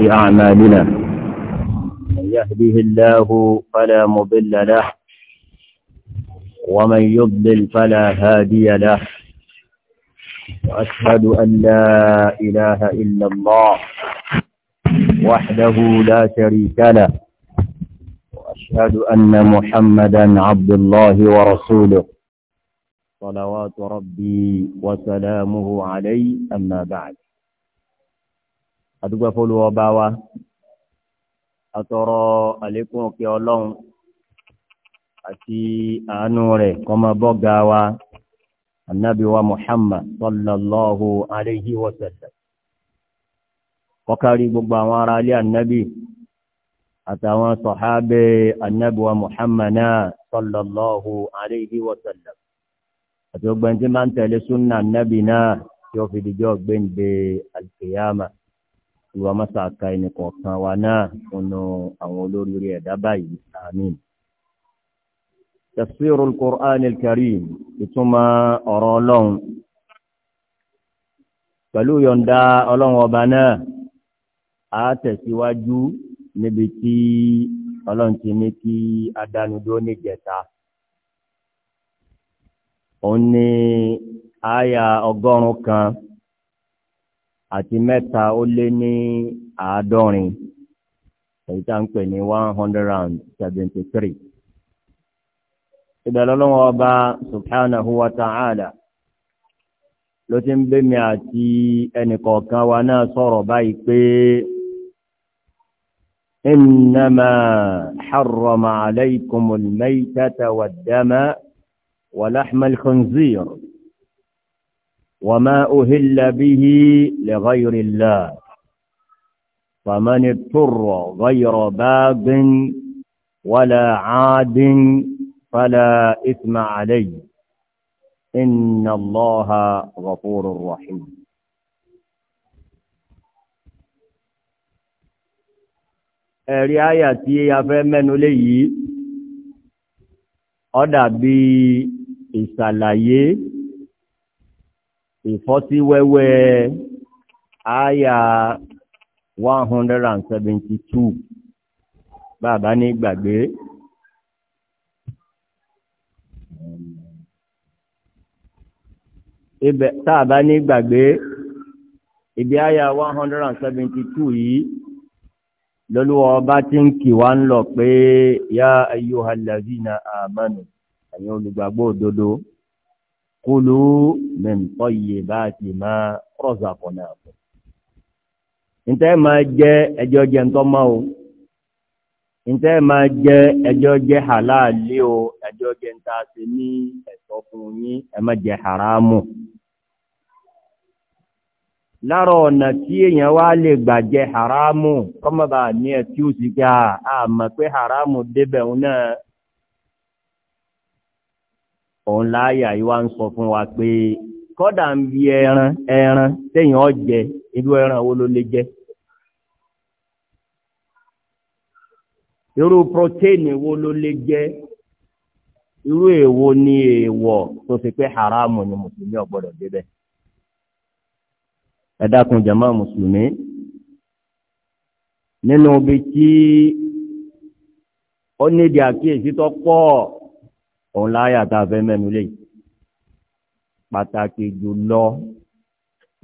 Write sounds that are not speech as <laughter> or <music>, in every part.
في أعمالنا من يهده الله فلا مضل له ومن يضلل فلا هادي له وأشهد أن لا إله إلا الله وحده لا شريك له وأشهد أن محمدا عبد الله ورسوله صلوات ربي وسلامه عليه أما بعد adúgbò fọlùwọ́ bá wa atọrọ àlékún òkè ọlọ́run àti àánú rẹ̀ kọ́mọbọ́gà wa anabi wa muhammad sallallahu alayhi wa sallam kọ́kárí gbogbo àwọn ará ilé anabi àtàwọn sọ̀hábẹ́ anabi wa muhammad náà sallallahu alayhi wa sallam àti ọgbẹ́ntì máa ń tẹ̀lé sunna anabi náà tí ó fi dijọ́ gbẹ̀ǹde alkiyama ìwàmọ́sà ka ẹnì kọ̀ọ̀kan wa náà nínú àwọn olóríire ẹ̀dá báyìí àmín. tafsiru al-Qur'an al-Karim ìtumọ̀ ọ̀rọ̀ ọlọ́run pẹ̀lú yọ̀ǹda ọlọ́run ọba náà a tẹ̀síwájú níbi tí ọlọ́run ti ní kí adánudó níjẹta òun ni àyà ọgọ́rùn-ún kan àti mẹ́ta ó lé ní àádọ́rin èyí tá à ń pè ní one hundred and seventy three. ìbẹ̀rẹ̀ lọ́wọ́ ọba subhanahu wa ta'ala ló ti ń bẹ́mi àti ẹnìkọ̀ọ̀kan wa náà sọ̀rọ̀ báyìí pé إنما حرم عليكم الميتة والدم ولحم الخنزير وما أهل به لغير الله فمن اضطر غير باغ ولا عاد فلا إثم عليه إن الله غفور رحيم ẹ̀rí àyà tí a fẹ́ mẹ́nu lé yìí ó bí ìsàlàyé ìfọ́síwẹ́wẹ́ àyà one hundred and seventy two bàbá ní gbàgbé. ibẹ̀ tá a bá ní gbàgbé ibi àyà one hundred and seventy two yìí lọ́lọ́wọ́ ọba tí ń kì wá ń lọ pé yá ayyuhallazina amanu ẹ̀yin olùgbàgbọ́ òdodo kulu min tayyibati ma razaqnakum. ntẹ́ máa jẹ ẹjọ́ jẹ ńtọ́ máa o ntẹ́ máa jẹ ẹjọ́ jẹ halali o ẹjọ́ jẹ ńta ṣe ní ẹ̀tọ́ fún yín ẹ má jẹ haramu. lára ọ̀nà tí èèyàn wá lè gbà jẹ haramu kọ́mọba ní ẹ̀ tí ó sì gbà á pé haramu débẹ̀ òun náà. òun láàyà yìí wá ń sọ fún wa pé kọ́dà ń bi ẹran ẹran téèyàn ó jẹ ẹran wo ló lè jẹ. irú protéènì wo ló lè jẹ irú èèwo ni èèwọ̀ tó fi pé haramu ni mùsùlùmí ò débẹ̀. ẹ dákun mùsùlùmí nínú ibi ó òun láyà tá a fẹ́ mẹ́nu lé pàtàkì jùlọ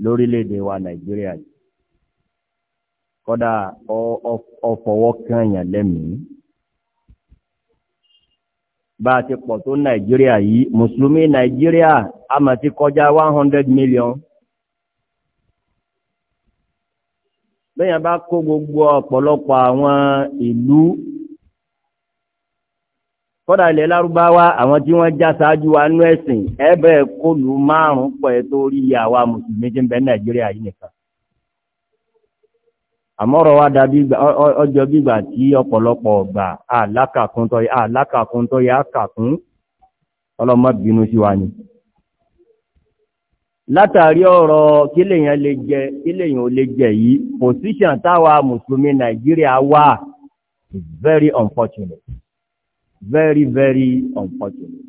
lórílẹ̀‐èdè wa nàìjíríà yìí kódà ọ̀fọ̀wọ́ kànyàn lẹ́mìí bá a ti pọ̀ tó nàìjíríà yìí mùsùlùmí nàìjíríà a mà ti kọjá one hundred million. bẹ́ẹ̀ yẹn bá kó gbogbo ọ̀pọ̀lọpọ̀ àwọn ìlú kọ́dà ilẹ̀ lárúbáwá àwọn tí wọ́n já sáájú wa nú ẹ̀sìn ẹ̀bẹ̀ kólu márùn-ún pọ̀ ẹ̀ tó rí mùsùlùmí tí ń bẹ nàìjíríà yìí nìkan àmọ́rọ̀ wa dàbí ọjọ́ bígbà tí ọ̀pọ̀lọpọ̀ alákàkún yá kàkún jẹ very unfortunate Very, very unfortunate.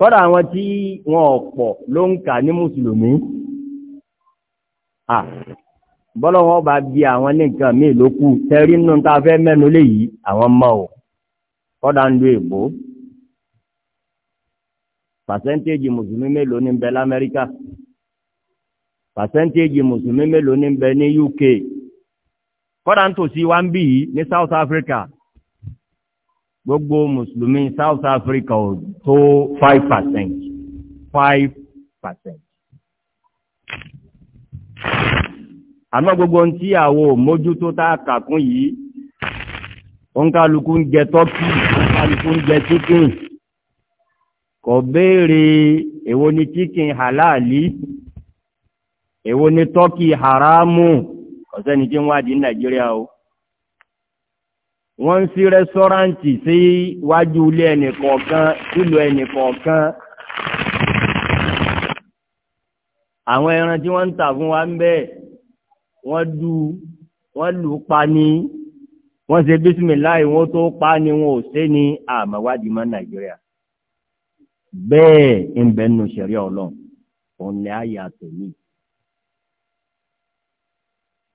Kọ́dà àwọn tí wọn ọ̀pọ̀ ló ń kà ní Mùsùlùmí. Bọ́lá wọn bá bí àwọn ní nǹkan míì ló kù, tẹ́rí nínú tá a fẹ́ mẹ́nu léyìí, àwọn mọ̀ ò. Kọ́dà ń lo èbó. Pàṣẹ́ntéèjì Mùsùlùmí mélòó ní ń bẹ l'Amẹ́ríkà? Mùsùlùmí mélòó ní ń ní UK? kọ́dà ń tòsí wa ń bì yìí ní South Africa gbogbo mùsùlùmí South Africa ò tó five percent five percent. àmọ́ gbogbo ohun tí àwọn òmójútó tá a kà kún yìí òǹkàlùkù ń jẹ tọ́kì òǹkàlùkù ń jẹ chicken kò béèrè èwo ni chicken halali èwo ni tọ́kì haramu ọ̀sẹ́ni tí ń wádìí nàìjíríà o wọ́n ń sí rẹ́sọ́ráǹtì sí iwájú ilé ẹnìkọ̀ọ̀kan sílùú ẹnìkọ̀ọ̀kan àwọn ẹran tí wọ́n ń tà fún wa ń bẹ́ẹ̀ wọ́n du wọ́n lù ú pa ni wọ́n ṣe bísímìláì wọ́n tó pa ni wọn ò ṣe ni àmàwádìí mọ́ nàìjíríà bẹ́ẹ̀ ń bẹ́ẹ̀ nù sẹ̀rí ọlọ́run òun ni àyà tòmíì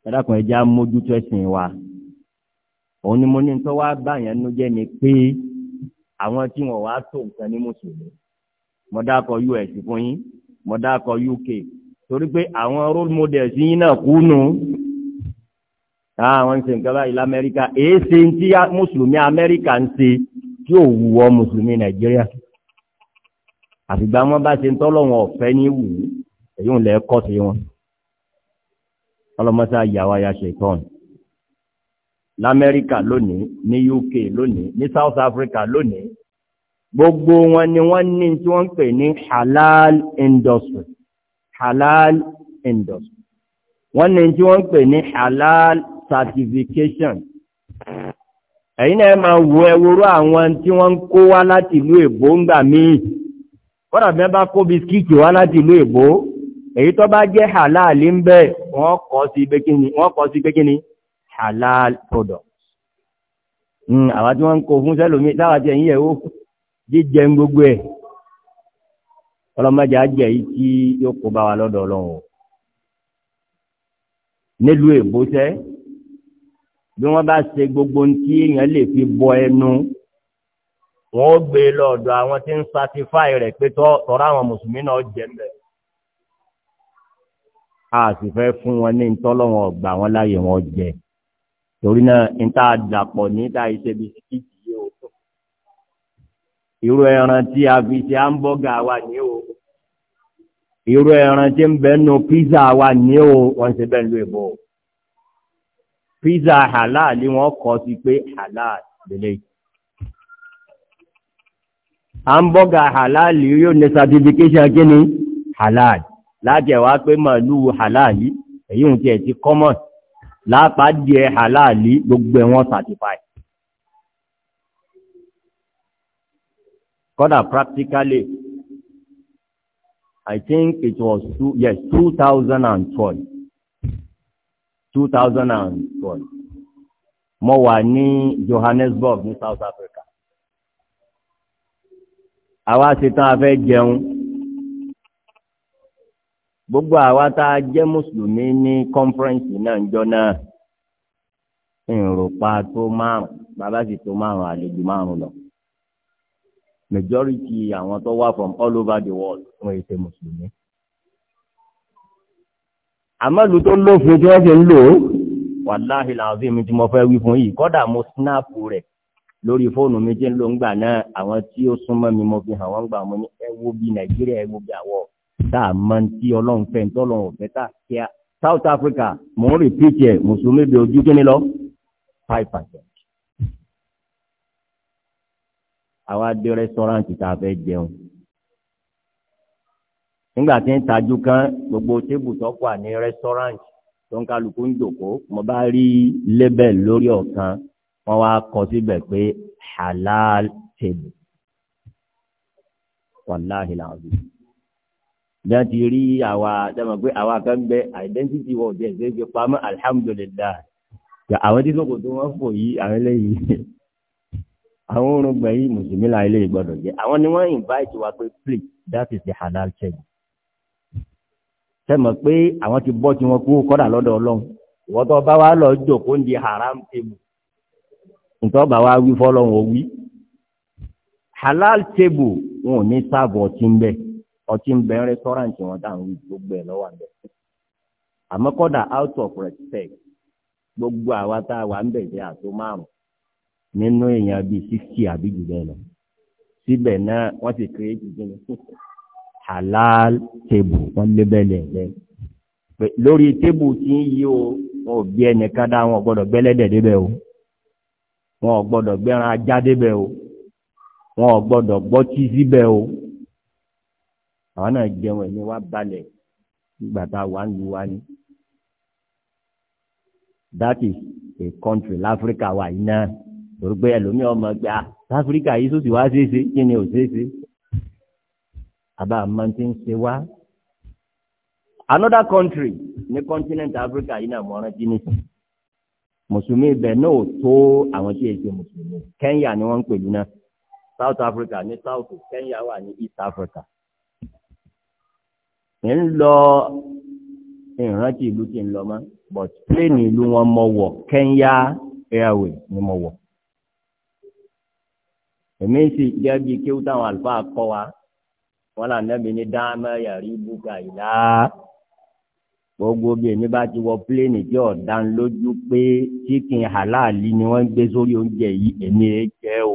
ẹ̀dàkùn ẹ̀já mójútó ẹ̀sìn wa òun ni mo ní tó wá bá yẹn nu jẹ́ ni pé àwọn tí wọ́n wá tó nǹkan ní mùsùlùmí mo dákọ̀ US fún yín mo dákọ̀ UK torí pé àwọn role models yín náà kú nù àwọn ń ṣe nǹkan báyìí lamẹ́ríkà èé ṣe ń tí mùsùlùmí amẹ́ríkà ń ṣe tí ò wù ọ mùsùlùmí nàìjíríà àfìgbà wọn bá ṣe ń tọ́lọ̀ wọn ọ̀fẹ́ ní wù èyí ò lẹ́ sí wọn ọlọ́mọsá yàwá ya ṣètọ́n lamẹ́ríkà lónìí ní UK lónìí ní South Africa lónìí gbogbo wọn ni wọ́n ní tí wọ́n ń pè ní halal industry halal industry wọ́n ní tí wọ́n ń pè ní halal certification ẹ̀yin náà máa wo ẹwúrú àwọn tí wọ́n ń kó wá láti ìlú èbó ńgbà míì kọ́dà bí wọ́n bá kó bisikíìtì wá láti ìlú èbó èyí tó bá jẹ́ halal ń bẹ wọ́n kọ́ sí pé kí halal product hmm, àwọn tí wọ́n ń kó fún sẹ́lòmí láwọn tí ẹ̀yìn ẹ̀wọ́ jíjẹ ń gbogbo ẹ̀ ọlọ́mọdé ajẹ́ yìí tí yóò kó bá wa lọ́dọ̀ ọlọ́run o nílùú èbó sẹ́ bí wọ́n bá ṣe gbogbo ohun tí èèyàn lè fi bọ ẹnu wọ́n gbé lọ́dọ̀ àwọn tí ń satisfy rẹ̀ pé tọ́ra àwọn mùsùlùmí náà jẹ́ mbẹ́ a sì fẹ́ fún wọn ní ntọ́lọ́wọ́n ọgbà wọn láàyè wọn jẹ torí náà níta dàpọ̀ níta iṣẹ́ bíi síkìtì yìí o irú ẹran tí a fi ṣe hamburger wà ní o irú ẹran tí ń bẹ nù pizza wà ní o wọ́n ṣe bẹ́ẹ̀ ló ìbò pizza halal wọ́n kọ sí pé halal lélẹ́yìí hamburger halal yóò ní certification kí ni halal lájẹ̀wá pé màálù halali èyí ń tiẹ̀ ti kọ́mọ̀ lápá díẹ̀ halali gbogbo wọn certify. kódà practically I think it was two, yes, 2012. 2012. Mo wà ní Johannesburg ní South Africa. Àwa ṣetán a fẹ́ jẹun gbogbo àwa tá a jẹ́ mùsùlùmí ní kọ́nfẹ́rẹ́ǹsì náà ń jọ náà ìrùpa tó márùn bàbá sì tó márùn àlejò márùn lọ majority àwọn tó wá from all over the world wọn èyí ṣe mùsùlùmí. àmọ́lu tó lófin tí wọ́n fi ń lò ó wàláhì làwọn mi tí mo fẹ́ wí fún yìí kọ́dà mo snap rẹ̀ lórí fóònù mi tí ń lò ń gbà náà àwọn tí ó súnmọ́ mi mo fi hàn wọ́n gbà mo ní ẹ wo bí nàìjíríà ẹ wo bí àwọ̀ tá a máa ń tí ọlọ́run fẹ́ tọ́lọ́run ọ̀fẹ́ tá kíá South Africa mò ń repeat ẹ̀ mùsùlùmí bí ojú kí ni lọ five percent. àwa dé rẹ́sítọ́rántì tá a fẹ́ jẹun nígbà tí ń tajú kan gbogbo tébù tó wà ní rẹ́sítọ́rántì tó ń kálukú ń jòkó mo bá rí lébẹ̀ lórí ọ̀kan wọ́n wá kọ síbẹ̀ pé halal table wàláhìláàbí dá ti rí àwa dáma pé àwa kan bẹ identity wọ ọdẹ ẹgbẹ fi pamọ́ alhamdulilah àwọn tí sọkò tó wọn fò yí àwọn eléyìí àwọn orúngbẹ yìí mùsùlùmí la eléyìí gbọ́dọ̀ jẹ àwọn ni wọn invite wa pé please that is the halal check sẹ́mọ̀ pé àwọn ti bọ́ tí wọ́n kú kọ́dà lọ́dọ̀ ọlọ́run ìwọ́n tó bá wá lọ jòkó ń di haram table ntọ́ bá wá wí fọ́lọ́run ò wí halal table wọn ò ní sáàbọ̀ ọtí ń bẹ́ẹ̀ ọtí ń bẹ rẹsọrantì wọn dà ń wí gbogbo ẹ lọ́wọ́ àbẹ àmọ́ kódà out of respect gbogbo àwa tá a wà ń bẹ̀rẹ̀ àtó márùn nínú èèyàn bíi sixty àbí jù bẹ́ẹ̀ lọ síbẹ̀ náà wọ́n ti create gini halal table wọ́n lébẹ̀lẹ̀ ẹ̀ lórí table tí ń yí o wọn ò bí ẹnìkan dá wọn gbọ́dọ̀ gbẹ́lẹ́dẹ̀ débẹ̀ o wọn ò gbọ́dọ̀ gbẹ́ran ajá débẹ̀ o wọn ò gbọ́dọ̀ gbọ́tí síbẹ̀ o àwọn náà jẹun ẹ̀mí wa balẹ̀ nígbà tá a wà ń lu wa ni. that is a country láfíríkà wa yìí náà torí ẹlòmíràn ọmọ gbé a ah, láfíríkà yìí tó wá ṣeéṣe kí ni ò ṣeéṣe. àbá máa ń ṣe wá. another country ní continent Africa yìí náà mo rántí ní sùn mùsùlùmí ibẹ̀ náà tó àwọn tí èsì mùsùlùmí Kenya ni wọ́n ń pè ní náà South Africa ní south Kenya wà ní East Africa ń lọ ìrántí ìlú tí ń lọ mọ́ but plane ìlú wọn mọ wọ̀ Kenya airway ni mo wọ̀ èmi sì jẹ́ bí kéwú táwọn àlùfáà kọ́ wa wọn là nẹ́bi ní dáhàmẹ́ yàrá ibùkà ìlà gbogbo bí èmi bá ti wọ pléènì tí ọ̀dán pé chicken halali ni wọ́n ń gbé sórí oúnjẹ yìí èmi ẹ jẹ́ o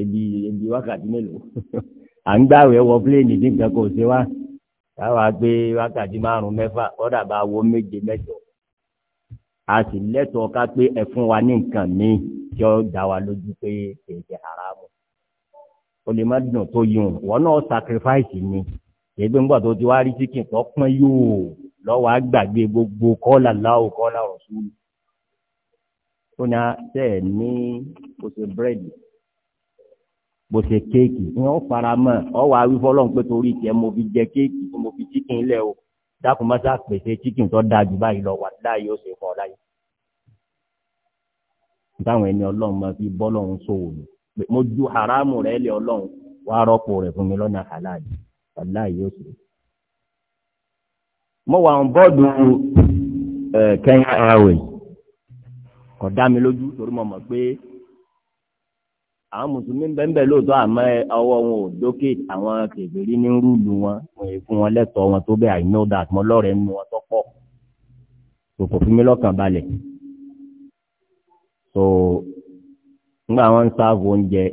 ebi ebi wákàtí mélòó <laughs> à ń gbàwẹ̀ wọ pléènì tí nǹkan kò ṣe wá káwa gbé wákàtí márùn mẹ́fà kọ́dà bá wọ méje mẹ́jọ a sì lẹ́tọ̀ọ́ ká pé ẹ fún wa ní nǹkan míì tí ó dá wa lójú pé kèké haramu o lè má dùn tó yùn wọn náà sacrifice ni èébí ńgbà tó ti wá rí chicken tó pọ́n yóò lọ́wọ́ àgbàgbé gbogbo kọ́là láwò kọ́là rọ̀ṣúlù tó ní a tẹ̀ ní kò ṣe bó ṣe kéèkì wọn fara mọ́ ọ wà wí fọlọ́n pé torí tiẹ̀ mo fi jẹ kéèkì mo fi chicken lẹ̀ o dákun má sá pèsè chicken tó dáa jù báyìí lọ wà láàyè ó ṣe fọ́ láyé. táwọn ẹni ọlọ́run máa fi bọ́lọ́run ṣòwò ni mo ju haramu rẹ lé ọlọ́run wà á rọ́pò rẹ̀ fún mi lọ́nà halal wà láàyè ó ṣe. mo wà ń bọ́ọ̀dù eh, Kenya Airways kò dá mi lójú torí mo mọ̀ pé àwọn mùsùlùmí bẹ́ẹ̀ lóòótọ́ àmọ́ ọwọ́ wọn ò dókè àwọn kèbèrè ní rúùlù wọn wọn èyí fún wọn lẹ́tọ̀ọ́ wọn tó bẹ́ẹ̀ àìníwòdà àtúmọ̀ lọ́rẹ̀ẹ́ nínú wọn tọ́pọ̀ tó kò fún mi lọ́kàn balẹ̀ so nígbà wọn ń sáàbù oúnjẹ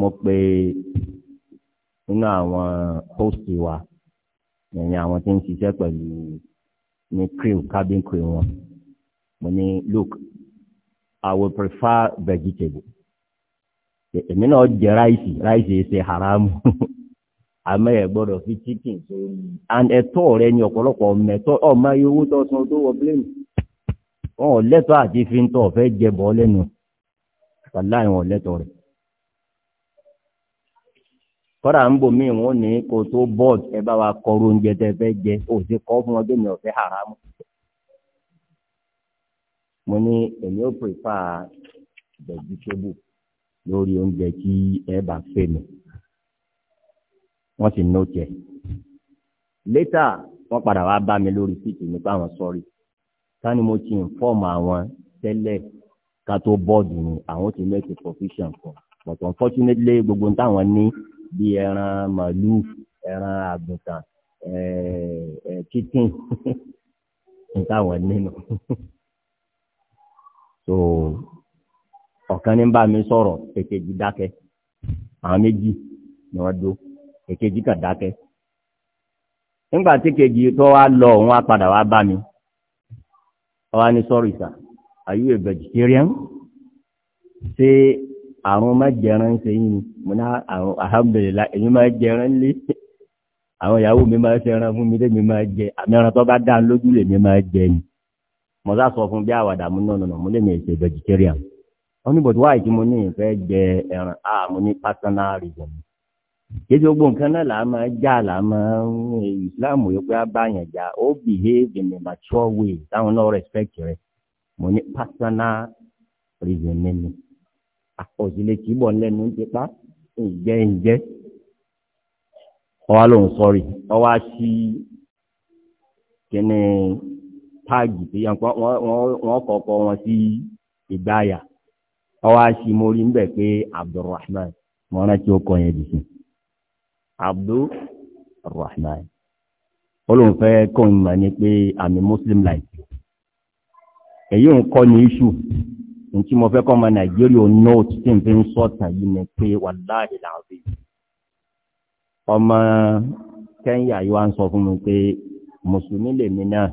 mo pe nínú àwọn hóòsì wa ẹ̀yìn àwọn tí ń ṣiṣẹ́ pẹ̀lú ní crew cabin crew wọn mo ní look I will prefer vegetable. èmi náà jẹ ráìsì ráìsì ṣe haramu <laughs> àmọ́ ẹ gbọdọ fi chicken sórí and ẹ̀tọ́ rẹ ni ọ̀pọ̀lọpọ̀ mẹtọ ọmọ ayé owó tó san tó wọ plane wọn ò lẹ́tọ̀ọ́ àti fi ń tọ ọfẹ jẹ bọ wàláì wọn ò rẹ ń bò mí ní kó tó bọ́ọ̀d ẹ bá wa kọrọ oúnjẹ tẹ fẹ́ jẹ ó sì kọ́ fún ọdún mi ọ̀fẹ́ haramu mo ní èmi ò prefer vegetable. lórí oúnjẹ tí ẹ bá fẹ́ mi wọ́n sì ní ó jẹ létà wọ́n padà wá bá mi lórí síìtì nípa àwọn sọ́rí ká ní mo ti ìnfọ́ọ̀mù àwọn tẹ́lẹ̀ ká tó bọ́ọ̀dù ni àwọn ti make profession for but unfortunately gbogbo ní táwọn ní bí ẹran màálù ẹran àgùntàn eh, eh, chicken <laughs> ní táwọn nínú <laughs> so ọ̀kan ní bá mi sọ̀rọ̀ èkejì dákẹ́ àwọn méjì ni wọ́n dó èkejì kan dákẹ́ nígbà tí kejì tó wá lọ òun á padà wá bá mi ọwá ní sọ́rọ̀ ìsà are you a vegetarian ṣé àwọn máa jẹran ṣe yín mo ná àwọn alhamdulilayi èmi máa jẹran lé àwọn ìyàwó mi máa ṣẹran fún mi tẹ́mi máa jẹ àmì ẹran tó bá dá lójú lèmi máa jẹ ni mo sá sọ fún bí àwàdà mú náà nù mo lè mi ṣe vegetarian wọ́n ní bọ̀dù wáyé tí mo ní ìfẹ́ jẹ ẹran a ah, mo ní personal reason kéde gbogbo nǹkan náà là á máa já là á máa ń ìsìláàmù eh, yìí pé á bá yàn já ó behave in a mature way táwọn náà respect rẹ mo ní personal reason nínú àpọ̀jùlẹ̀ kì í bọ̀ lẹ́nu ti pa ǹjẹ́ ǹjẹ́ ọwá lòun sọrí ọwá sí kíni táàgì tó yàn pọ̀ wọ́n kọ̀ọ̀kọ̀ wọn sí ìgbáyà ọwọ́ àṣìmórí ńbẹ̀ pé abdulrahman mo rántí ó kọ yẹn dìsí abdulrahman olùfẹ́ kò ń mọ̀ ní pé àmì muslim like èyí ń kọ́ ní iṣu ntí mo fẹ́ kọ́ ọmọ nàìjíríà note tí n fi ń sọ̀tàn yìí ni pé wàláhì làbí ọmọ kẹ́ńyà yìí wá ń sọ fún mi pé mùsùlùmí lèmi náà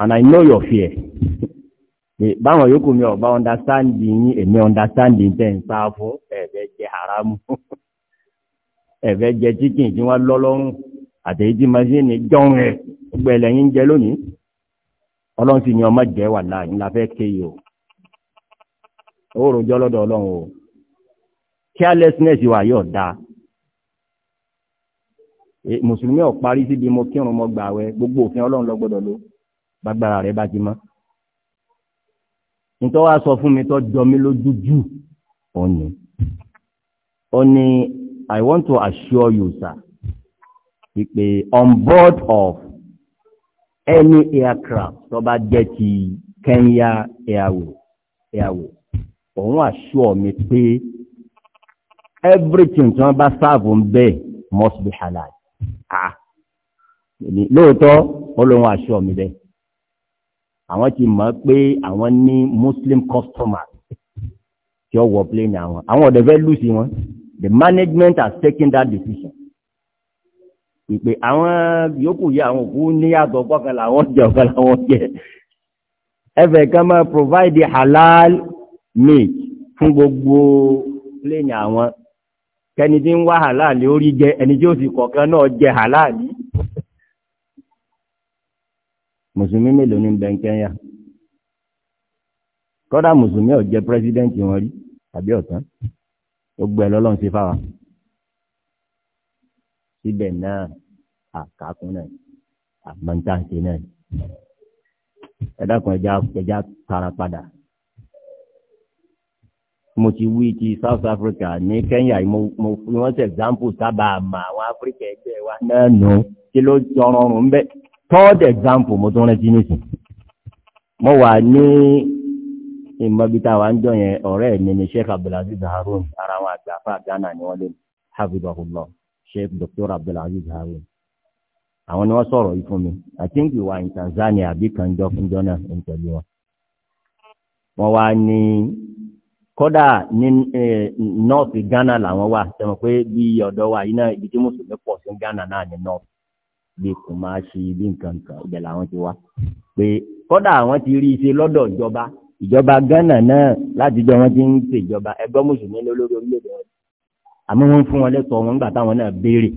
and I know your fear báwọn yòókù mi ọba ọ̀ndàstáǹdì yín èmi ọ̀ndàstáǹdì tẹ̀ ń sá fún ẹ̀fẹ́ jẹ haramu ẹ̀fẹ́ jẹ chicken tí wọ́n lọ́ lọ́rùn àtẹ̀yí tí masíìnì jọ̀hún ẹ̀ gbogbo ẹ̀ lẹ́yìn jẹ lónìí ọlọ́run sì ní ọmọ jẹ́ wà láàyè ńlá fẹ́ kéye o owó rojọ́ lọ́dọ̀ ọlọ́run o carelessness wà yóò dáa mùsùlùmí ọ̀ parí síbi mo kírun mo gbààwẹ̀ gbogbo òfin ọlọ́run ló gbọ́dọ̀ lò bágbára rẹ̀ bá ti mọ́ nítorí wàá sọ fún mi tó jọ mí lójú jù ó ní I want to assure you sir pípé on board of any aircraft tó bá jẹ́ ti Kenya Airways Airways òun assure mi pé everything tí wọ́n bá sáàbù ń bẹ́ẹ̀ must be halal ah lóòótọ́ ó lóun assure mi bẹ́ẹ̀ àwọn ti mọ̀ pé àwọn ní muslim customers tí ó wọ plane àwọn àwọn ọ̀dẹ̀ fẹ́ lùsì wọn the management has taken that decision ìpè àwọn yòókù yìí àwọn òkú níyàtọ̀ kọ́kan làwọn jẹ ọ̀kan làwọn jẹ ẹfẹ̀ kan máa provide the halal meat fún gbogbo plane àwọn kẹni tí ń wá halal lórí jẹ ẹni tí ó sì kọ̀ọ̀kan náà jẹ halal yìí mùsùlùmí mélòó ní bẹ́ẹ̀ kẹ́ńyà kọ́dà mùsùlùmí ò jẹ́ pírẹ́sidẹ́ǹtì wọn rí àbí ọ̀tán gbogbo ẹ̀ lọ́lọ́run ṣe fáwa síbẹ̀ náà àkàkùn náà àmọ́ntàǹtì náà ẹ dákun ẹja ẹja tara padà mo ti wí ti South Africa ní Kenya mo mo fi wọn ṣe example sábà mà àwọn Áfíríkà ẹgbẹ́ wa náà nù kí ló jọrọrùn ń third example mo tún rántí nísìn mo wà ní ìmọ̀bíta wa ń jọ yẹn ọ̀rẹ́ mi ni sheikh abdulaziz harun ara wọn àti afa ghana ni wọ́n lè hafidhahullah sheikh dr abdulaziz harun àwọn ni wọ́n sọ̀rọ̀ yìí fún mi i think you were in tanzania àbí kanjọ fún jọ́nà ń tẹ̀lé wọn. wọ́n wá ní kódà ní north ghana làwọn wà sẹ́wọ̀n pé bí ọ̀dọ́ wa yìí náà ibi tí mùsùlùmí pọ̀ sí ghana náà ní north bí Kùmásí bí nǹkan kan ibẹ̀ làwọn ti wá pé kódà àwọn ti rí iṣẹ́ lọ́dọ̀ ìjọba ìjọba Ghana náà látijọ́ wọn ti ń ṣèjọba ẹgbẹ́ mùsùlùmí lórí orílẹ̀-èdè wọn àmọ́ wọ́n fún wọn lẹ́tọ̀ọ́ wọn gbà táwọn náà béèrè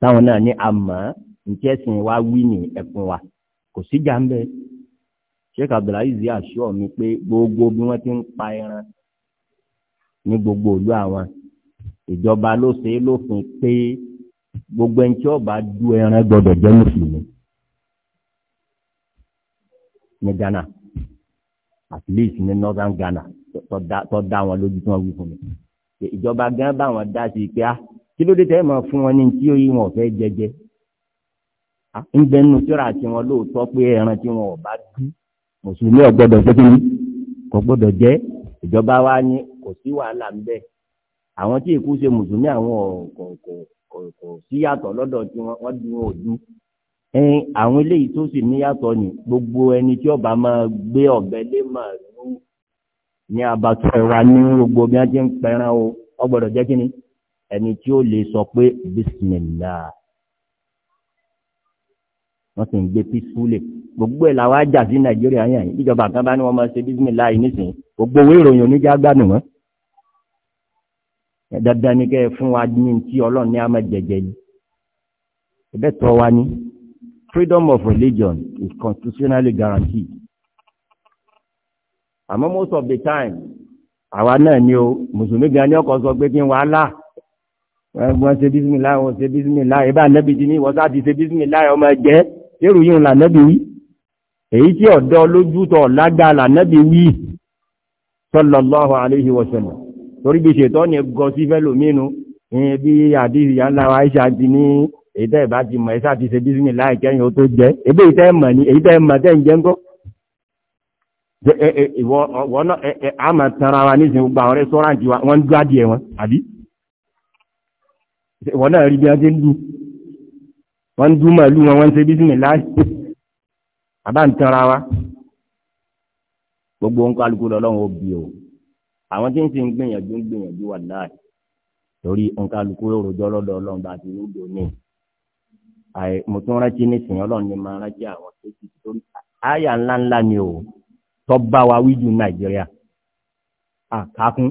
táwọn náà ní àmọ́ nítí ẹ̀sìn wa wí ní ẹ̀kún wa kò síjà ń bẹ Sheikh Abdulaziz àṣọ mi pé gbogbo bí wọ́n ti ń pa ẹran ní gbogbo ìlú àwọn ìjọba ló ṣe é lófin pé gbogbo ẹni tí ọba du ẹran gbọ́dọ̀ jẹ́ mùsùlùmí ní Ghana at least ní northern Ghana tó dá wọn lójú tí wọ́n wí fún mi ìjọba gan bá wọn dá sí pé ah kí ló dé tẹ́ ẹ̀ máa fún wọn ní tí oyin wọn fẹ́ jẹjẹ ah, ń bẹ nínú síra wọn lóòótọ́ pé ẹran tí wọn ò du mùsùlùmí ò gbọ́dọ̀ kí ni kò gbọ́dọ̀ jẹ́ ìjọba wa ní kò sí wàhálà ń bẹ àwọn tí èkó ṣe mùsùlùmí àwọn ọ̀kọ̀ọ̀kọ̀ kò kò síyàtọ̀ lọ́dọ̀ tí wọ́n di wọn òdu. ẹn àwọn eléyìí tó sì níyàtọ̀ ni gbogbo ẹni tí ọba máa gbé ọ̀bẹ lé màálù ní abatọ ẹwà ní gbogbo bí wọ́n ti ń pẹran o wọ́n gbọ́dọ̀ jẹ́ kí ni ẹni tí ó lè sọ pé bisimilá wọ́n sì ń gbé písúlẹ̀ gbogbo ẹ̀ làwọn ajá sí nàìjíríà yẹn ìjọba kan bá ní wọ́n máa ṣe bisimilá yìí nísìnyí gbogbo owó ìròyìn oníjà gbàdùn wọn dandan ni kẹ́ fún wa ní ti ọlọ́run ní àmà jẹjẹ ni ẹ̀bẹ̀ tọ́ wa ní freedom of religion is constitutionally guaranteed àmọ́ most of the time àwa náà ni o mùsùlùmí gan ni ọkọ̀ sọ pé kí n wà á là wọ́n ṣe bísímìlá wọ́n ṣe bísímìlá ẹ̀ bá nẹ́bi ti ní wọ́n sá ti ṣe bísímìlá ẹ̀ ọmọ ẹ̀jẹ̀ ẹ̀rù yìí ń là nẹ́bi wí èyí tí ọ̀dọ́ lójú tọ̀ lágbára là nẹ́bi wí sallallahu alayhi wa sallam torí bí ṣètọ́ ni gọ sí fẹ́lòmínú bí àdìsí yà ńlá wa ṣe àti ní èyí tẹ́ ẹ̀ bá ti mọ̀ ẹ́ sáà ti ṣe bísí mi láì kẹ́yìn ó tó jẹ́ ebí èyí tẹ́ ẹ̀ mọ̀ ni èyí tẹ́ ẹ̀ mọ̀ tẹ́ ẹ̀ ń jẹ́ ńkọ́. ìwọ ọwọ náà a máa wa ní ìsìn gbogbo àwọn rẹ́sọ́ráǹtì wa wọ́n ń dúró adìẹ wọn àbí. ìwọ náà rí bí wọ́n ti ń wọ́n ń dù màálù wọn wọ́n ń ṣe bísí mi láì àbá ń tanra wa gbogbo nǹkan alukó lọ́lọ́run àwọn tí ń sin gbìyànjú ń gbìyànjú wà láàyè torí nǹkaluku rojọ́ lọ́dọ̀ ọlọ́run bá ti rúdò ní àì mo tún rántí nísìnyí ọlọ́run ni máa rántí àwọn tó ti torí àyà ńláńlá ni o tọ́ba wa wíjù nàìjíríà àkàkún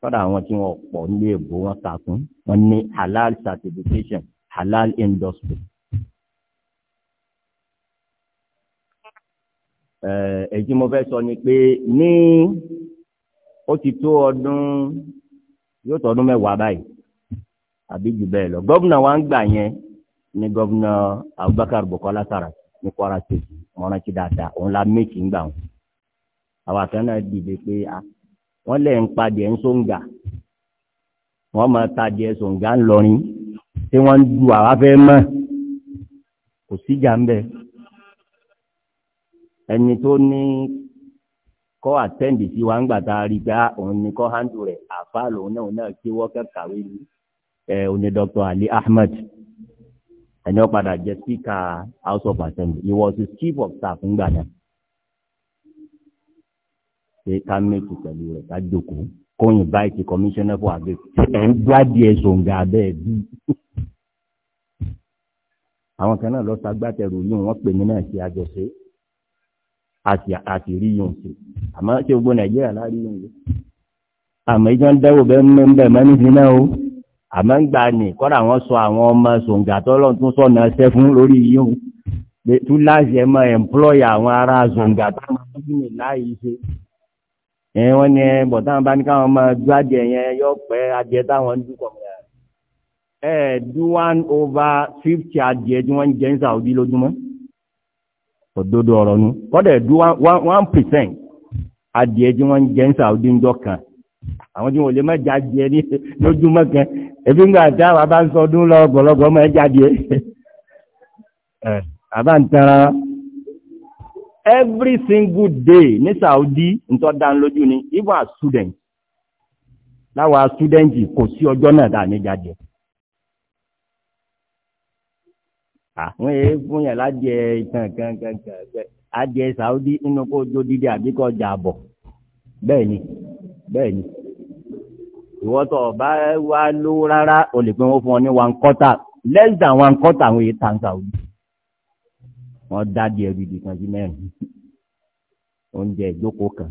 kọ́dà àwọn tí wọ́n pọ̀ nílé èbó wọn kàkún wọn ní halal certification halal industry. Eh, èyí mo fẹ́ sọ ni pé ní ó ti tó ọdún yóò tó ọdún mẹ́wàá báyìí àbí jù bẹ́ẹ̀ lọ gómìnà wa ń gbà yẹn ní gómìnà Abubakar Bukola Sara, ní Kwara State mọ́nà tí dáadáa òun la méjì ń gbà wọn àwọn àkànnà dìde pé wọ́n lè ń padì ń sóńgà wọ́n máa tadì ẹ̀ sóńgà ńlọrin tí wọ́n ń du àwa fẹ́ mọ́ kò síjà ń bẹ́ẹ̀ ẹni tó ní kọ́ àtẹ́ǹdì sí wa ńgbà tá a rí gbá ah, òun ní kọ́ hándù rẹ̀ àfa lòun náà òun náà kí wọ́kẹ́ kàwé ní ẹ òní Dr. Ali Ahmed ẹni ó padà jẹ speaker House of Assembly he was the chief of staff ńgbà náà ṣe ká méjì pẹ̀lú rẹ̀ ká jókòó kó invite commissioner for abeg ẹ̀ ń gbádìí ẹ̀sùn ga bẹ́ẹ̀ bí àwọn kan náà lọ sagbátẹrù yìí wọ́n pè mí náà sí àjọṣe àti rí yóò ṣe àmọ́ ṣé gbogbo nàìjíríà láàrí yóò ṣe àmọ́ ìjọ ń dẹ́wò bẹ́ẹ̀ mọ́ ń bẹ̀ mọ́ ní sinmi o àmọ́ ń gbà ní kọ́dà wọ́n sọ àwọn ọmọ ṣòǹgà tọ́lọ́n tún sọ̀nà ṣẹ́ fún lórí yóò tún láti ẹ̀ mọ ẹ̀mplọ́yà àwọn ará ṣòǹgà táwọn tó ní láàyè ṣe ẹ̀ wọ́n ní bọ̀tá bá ní káwọn máa dú adìẹ yẹn yọ pẹ́ adìẹ táwọn ń dúkọ̀ ẹ̀ over fifty adìẹ tí wọ́n ń jẹ́ ń Saudi lójúmọ́. òdodo ọ̀rọ̀ nu kọ́dẹ̀ du one percent adìẹ tí wọ́n ń jẹ́ ń sàwọ́dí ń kan àwọn tí wọ́n lè má já adìẹ ní ebi bá ń sọ ọdún ń every single day ní sàwọ́dí ń tọ́ dá lójú ni even as student láwa student kò sí ọjọ́ náà ní àwọn eégún yẹn ládìẹ ìtàn kankankan adìẹ sàódì nínú kó jó dídí àbí kó jà bọ̀ bẹ́ẹ̀ ni bẹ́ẹ̀ ni ìwọ́tọ̀ ọba wa lówó rárá o lè pé wọ́n fún ọ ní one quarter less than one quarter àwọn èyí tàn sàódì wọ́n dá díẹ̀ bìbì kan sí mẹ́rin oúnjẹ ìjókòó kan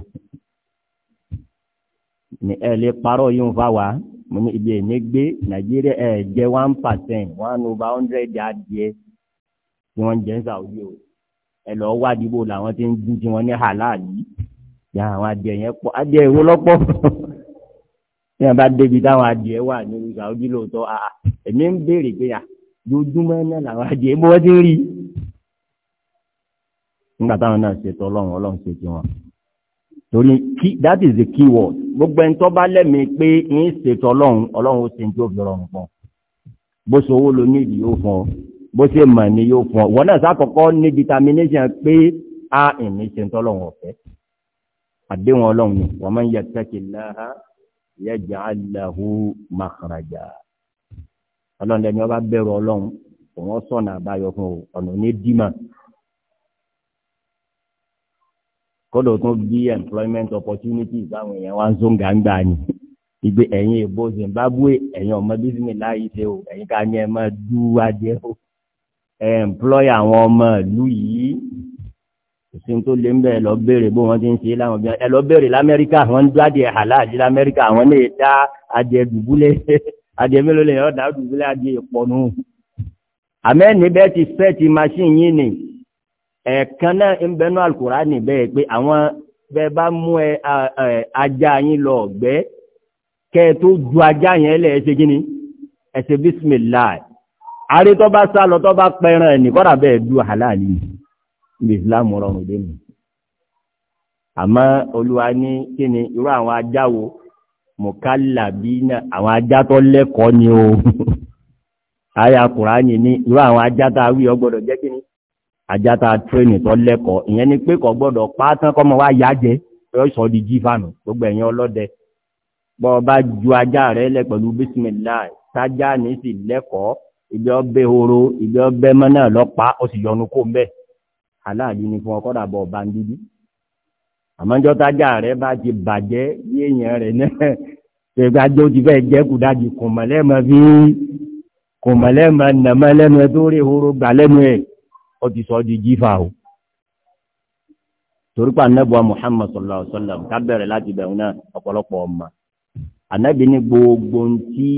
ní ẹ lè parọ́ yìí ń fa wa mo ní ibi èmi gbé nàìjíríà ẹ jẹ one percent one over hundred adìẹ tí wọ́n ń ń sàwùjí o ẹ lọ́ọ́ wádìí bò làwọn ti ń dún tí wọ́n ní hàláàlì yà àwọn adìẹ yẹn pọ̀ adìẹ ìwo lọ́pọ̀ <laughs> tí wọ́n bá débi táwọn adìẹ wà ní sàwùjí lóòótọ́ àà ń béèrè pé à lójúmọ́ náà làwọn adìẹ bó wọ́n ti ń rí nígbà táwọn náà ṣètò ọlọ́run ọlọ́run ṣètò wọn torí that is the key word gbogbo ẹni tó bá lẹ́mìí pé ń ṣètò ọlọ́run ọlọ́run ó ṣe ń tó fi rọrùn pọ̀ bó ṣe owó lo ní ìdí yóò fún ọ bó ṣe mọ̀ ni yóò fún ọ wọn náà sákọ̀ọ́kọ́ ní determination pé a ìní ṣe ń tọ́lọ́run ọ̀fẹ́ àdéhùn ọlọ́run ni wa man yattaqillaha yaj'al lahu makhraja ọlọ́run lẹ́ni ọba bẹ̀rù ọlọ́run òun sọ̀nà àbáyọ fún o ọ̀nà ní dìímà kọ́dọ̀ tún bí employment opportunities báwọn èèyàn wá ń sún gàǹgbà ni ìgbé ẹ̀yin èbó Zimbabwe ẹ̀yin ọmọ bísímìláyì ṣe o ẹ̀yin ká ní ẹ máa dú o ẹ̀ẹ́mplọ́yà àwọn ọmọ ìlú yìí òsín tó lé ń bẹ́ẹ̀ lọ béèrè bó wọ́n ti ń ṣe láwọn obìnrin ẹ lọ béèrè lamẹ́ríkà wọ́n ń dún adìẹ àláàjì lamẹ́ríkà àwọn lè dá adìẹ dùbúlẹ̀ <laughs> adìẹ mélòó lè yọ̀ọ́ dá dùbúlẹ̀ adìẹ ìpọ̀nù. àmẹ́ni bẹ́ẹ̀ ti fẹ́ ti machine yìí nì ẹ̀ẹ̀kan náà ń bẹnu Al-Kùránì bẹ́ẹ̀ pé àwọn bẹ́ẹ̀ bá mú ẹ ajá yín lọ ọ̀gbẹ́ kẹ́ ẹ tó ju ajá yẹn lẹ̀ ẹ ṣe gíní ẹ ṣe bísímìláì àrí tó bá sálọ tó bá pẹran ẹni kọ́dà bẹ́ẹ̀ du àhàláàlì ní ìsìláàmù rọrùn dé mi àmọ́ olúwa ní kí ni irú àwọn ajá wo mọ̀kálà bí náà àwọn ajá tó lẹ́kọ̀ọ́ ni o àyà <laughs> kùránì ní irú àwọn ajá tá a wí ọ gbọ́dọ̀ jẹ́ kí ni ajá tá a tírénì tó lẹ́kọ̀ọ́ ìyẹn ni pé kò gbọ́dọ̀ pátán kọ́mọ wá yá jẹ yóò sọ di jí fànù gbogbo ẹ̀yin ọlọ́dẹ bọ́ ọ bá ju ajá rẹ lẹ pẹ̀lú bísímìlá ibi ọbẹ̀ horo ibi ọbẹ̀ mọ́nà lọ́pàá ó sì yọnu kó mbẹ́ aláàdí ni fún ọkọ́ dàbọ̀ bandidi àmọ́jọ́ tájà rẹ bá ti bàjẹ́ bí èèyàn rẹ̀ náà ṣègbàjọ́ ti fẹ́ jẹ́ kù dájú kò mọ̀lẹ́mọ̀ fi kò mọ̀lẹ́mọ̀ nàmọ́ lẹ́nu ẹ tó rí horo gbà lẹ́nu ẹ̀ ó ti sọ di jífà o torípa anábọ̀ Muhammad sallallahu alaihi wasallam ká bẹ̀rẹ̀ láti bẹ̀rù náà ọ̀pọ̀lọpọ̀ ọmọ anábì ní gbogbo ntí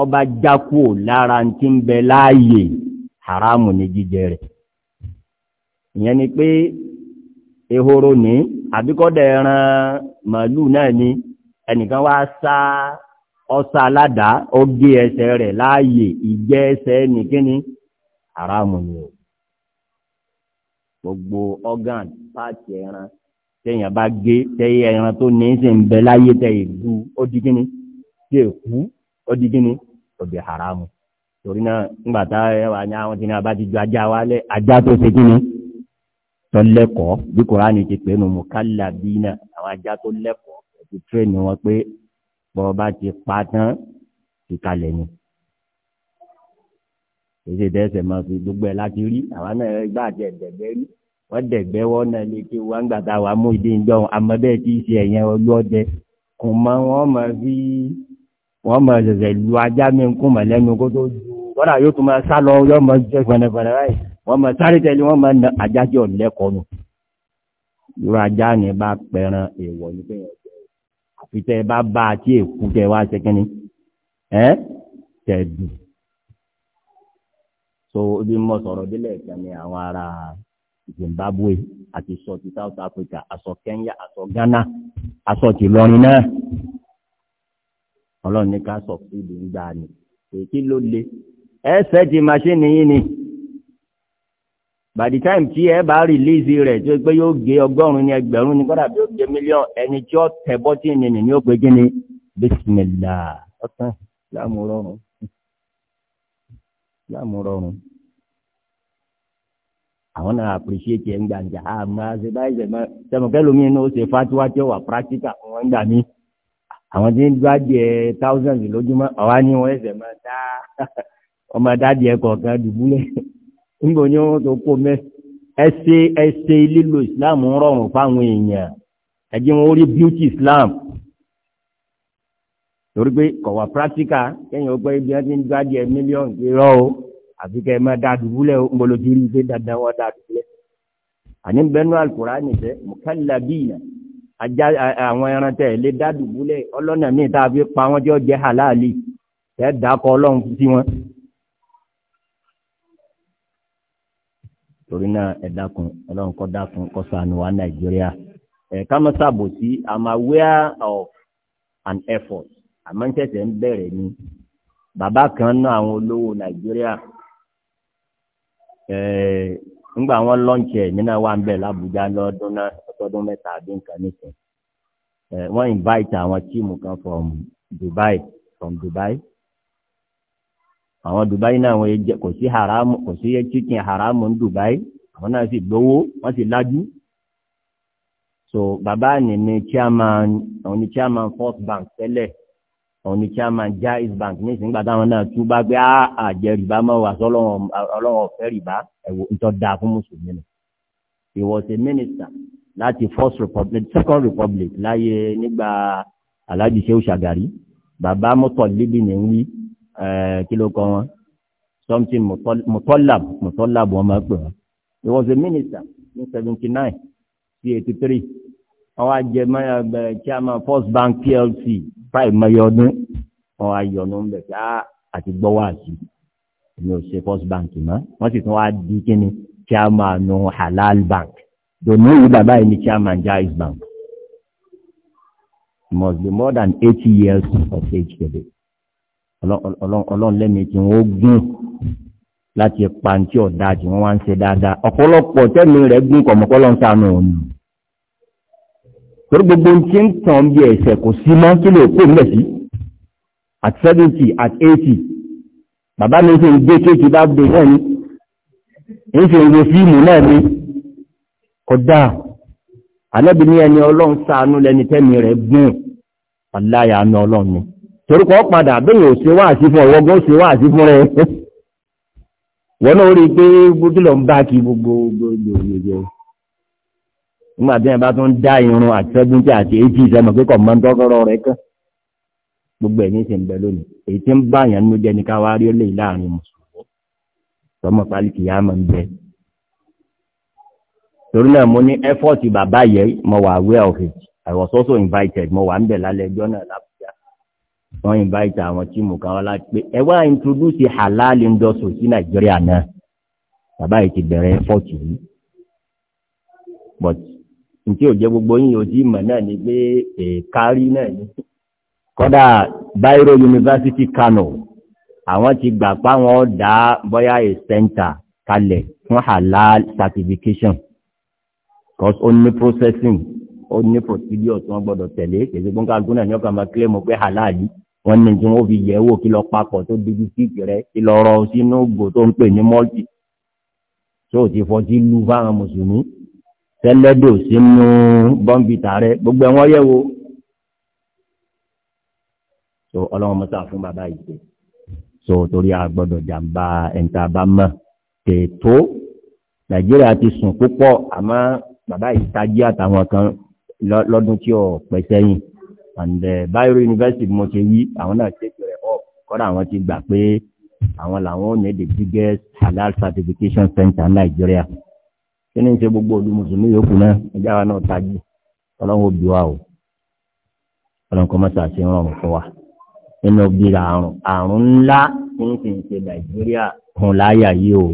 ọba jákú lára tí ń bẹ láàyè haramu ní jíjẹ rẹ̀ ìyẹn ni pé ehoro ní àbíkọ́dẹ̀ ẹran màálù náà ni ẹnìkan wá sá ọsá aládàá ó gé ẹsẹ̀ rẹ̀ láàyè ìjẹ ẹsẹ̀ nìkíní haramu ni o gbogbo organ páàtì ẹran téèyàn bá gé tẹ́yẹ ẹran tó ní í sì ń bẹ láyé tẹ́yẹ du ó di kíní tí èkú ó di gíní haramu torí náà ńgbà tá ẹ wà ní àwọn tí náà bá ti ju ajá wa lẹ ajá tó ṣe gíní tó bí ti pè àwọn ajá tó ti wọn pé bọ́ bá ti pa tán ti kalẹ̀ ni èsì tẹ́sẹ̀ máa fi gbogbo ẹ̀ láti rí àwa náà gbà rí wọ́n dẹ̀gbẹ́ wọ́n náà lè ké wọ́n gbàtà wà mú ìdí wọ́n mọ̀ ṣẹ̀ṣẹ̀ lu ajá mi kún mọ̀ lẹ́nu kó tó ju kọ́dà yóò tún máa sá lọ yọ́ mọ̀ jẹ́ fẹ̀nẹ̀fẹ̀nẹ̀ báyìí wọ́n mọ̀ sáré tẹ̀lé wọ́n mọ̀ na ajá tí ò lẹ́kọ̀ọ́ nù. irú ajá ni bá pẹran èèwọ̀ ní bẹ́ẹ̀ àfi bá bá a tí èkú tẹ wá ṣe ẹ́ tẹ̀ so ibi mọ sọ̀rọ̀ délẹ̀ kan ni àwọn ará Zimbabwe àti sọ South Africa àsọ Kenya àsọ Ghana àsọ tìlọrin náà ọlọ́run ní ká sọ fún ìlú ńgbà ni èyí ló le ẹsẹ̀ ti maṣíìnì yín ni by the time tí ẹ bá rìlíìsì rẹ̀ tó pé yóò gé ọgọ́rùn-ún ní ẹgbẹ̀rún ní kọ́dà bí ó gé mílíọ̀n ẹni tí ó tẹ̀ bọ́tì nìyí ni ó pé kí ni bísímìlà ọ̀tán lámùrọ̀rùn lámùrọ̀rùn àwọn náà appreciate ẹ̀ ń gbàǹjà àmọ́ àṣẹ báyìí sẹ́mu kẹ́lómi inú ó ṣe fatiwa tí ó wà practical fún gbà mí àwọn tí ń gbájẹ thousands lójúmọ́ àwa ni wọ́n ẹsẹ̀ máa dá ọmọ dáàdì ẹ̀kọ́ kan dùbúlẹ̀ níbo ni wọ́n tó kó mẹ́ ẹsẹ̀ ẹsẹ̀ lílo islam ń rọrùn fáwọn èèyàn ẹ̀jẹ̀ wọn ó rí beauty islam torí pé kọ̀wá practical kẹ́yìn ó pé ibi wọ́n ti ń gbájẹ mílíọ̀nù irọ́ o àfi kẹ́ ẹ máa dá dùbúlẹ̀ o ńbọ̀ lójú rí i pé dandan wọ́n dá dùbúlẹ̀ àní bẹ́ẹ̀ nú àlùkùránì nìfẹ́ mùkálàbíyàn ajá àwọn ẹran lè lé dádùbúlẹ̀ ọlọ́nà míì tá a fi pa wọ́n jọ jẹ́ halali tẹ́ dákọ̀ ọlọ́run sí wọn. torí náà ẹ dákun ọlọ́run kọ́ dákun kọ́ ṣàánú wa nàìjíríà ẹ̀ kámọ́sàbò sí i'm aware of an effort àmọ́ ṣẹ̀ṣẹ̀ ń bẹ̀rẹ̀ ni bàbá kan náà àwọn olówó nàìjíríà ńgbà wọn lọ́ǹkì ẹ̀ nínú wa ń bẹ̀ l'Àbújá lọ́dún náà ọtọ́dún mẹ́ta àbí nǹkan ẹ eh, wọ́n invite àwọn tíìmù kan from Dubai from Dubai àwọn Dubai náà wọ́n jẹ kò sí haramu kò sí chicken haramu ní Dubai àwọn náà sì gbowó wọ́n sì lájú so Baba, ni ni chairman òun ni chairman First Bank tẹ́lẹ̀ òun ni chairman Jaiz Bank nísìnyí gbàtà wọn náà tú bá gbé àjẹ ah, rìbá máa wà sọ ọlọ́run ọ̀fẹ́ rìbá ẹ̀wọ̀ ń tọ́ da fún mùsùlùmí nù. he was a minister láti first republic second republic láyé nígbà Alhaji Shehu Shagari bàbá mọ́tọ̀lébì ní wí eh, kí ló wọn something mutolab mutolab wọn máa pè wọn he was a minister ní seventy nine sí eighty three àwọn àjẹmọ́ ẹgbẹ́ chairman First Bank PLC prime mẹ́yọ ọdún wọn wá yọ ọdún ká àti gbọ́ wá sí èmi First Bank mọ́ wọ́n sì tún wá di kíni chairman nu Halal Bank dòní yìí bàbá yìí ni chairman Jaiz Bank It must be more than eighty years of age today ọlọ́run lẹ́mìí tí wọ́n gún láti pàǹtí ọ̀dà tí wọ́n wá ń ṣe dáadáa ọ̀pọ̀lọpọ̀ tẹ́mi rẹ̀ gún kọ̀mọ̀kọ́lọ́ ń sànù òun torí gbogbo tí ń tàn bí ẹ̀ṣẹ̀ kò sí mọ́ kí lè kó nílẹ̀ sí at seventy at eighty bàbá mi ṣe ń gbé kéèkì bá gbé náà ni ń ṣe ń wo fíìmù náà ni kódà alẹ́bí ní ẹni ọlọ́run ṣàánú lẹni tẹ́mi rẹ̀ gùn aláya ní ọlọ́run ni torí kọ́ padà bẹ́yìn ò ṣe wá sí fún ọwọ́ gbọ́ ṣe wá sí fún rẹ̀ <laughs> wọ́n náà rí i pé gbogbo lọ́n bá kí gbogbo gbogbo gbogbo nígbà tí wọn bá tún dá irun àti sẹ́gúntì àti èjì ìsẹ́mọ̀ pé kọ̀ máa ń tọ́kọ́rọ́ rẹ̀ kán gbogbo ẹ̀ ní ìsìn bẹ lónìí èyí tí ń bá àyàn nínú jẹ́ ní ká rí ó láàrin mùsùlùmí tọmọ pálíkì yá máa ń bẹ. torí náà mo ní ẹ́fọ́ọ̀tì bàbá yẹ mo wà aware of it I was also invited mo wà ń bẹ̀ lálẹ́ ẹjọ́ náà lábújá wọ́n invite àwọn tíìmù kan wá láti pé ẹ wá introduce halal industry sí nàìjíríà náà bàbá yìí ti bẹ̀rẹ̀ ẹ́fọ́ọ̀tì yìí but nítí ò jẹ́ gbogbo yín yóò tí mọ̀ náà ni pé èkárí náà ni kọ́dà Bayero University Kano àwọn ti gbà pa wọn dá bóyá a center kalẹ̀ fún halal certification cause ó ní processing ó ní procedure tí wọ́n gbọ́dọ̀ tẹ̀lé kèsì gbọ́ngàgún náà ní ọkàn máa claim pé halal wọ́n ní tí wọ́n fi yẹ̀ wò kí lọ papọ̀ tó dibi síkì rẹ̀ kí lọ rọ sínú ògbò tó ń pè ní mọ́ọ̀tì tó ti fọ́ sí lu fáwọn mùsùlùmí tẹ́lẹ́dẹ̀ ò sí nú bọ́m̀bìtà rẹ gbogbo ẹ̀wọ̀n yẹ̀ so ọlọ́run mọ́tà fún bàbá yìí pé so torí a gbọ́dọ̀ jàǹbá ẹ̀ǹtà bá mọ̀ tètò nàìjíríà ti sùn púpọ̀ àmọ́ bàbá yìí tají àtàwọn kan lọ́dún tí ò pẹ́ sẹ́yìn and eh, Bayero University mo ṣe wí àwọn náà ṣe tẹ̀rẹ̀ ọ̀ kọ́dà àwọn ti gbà pé àwọn làwọn ò ní the biggest halal certification center in Nigeria kí ni ṣe gbogbo olú mùsùlùmí yòókù náà ẹjá wa náà tají ọlọ́run òbí wa o ọlọ́run kọ́ mọ́tà sí rọrùn fún wa nínú bíra àrùn àrùn ńlá ní ti ń ṣe nàìjíríà kan láyà yìí o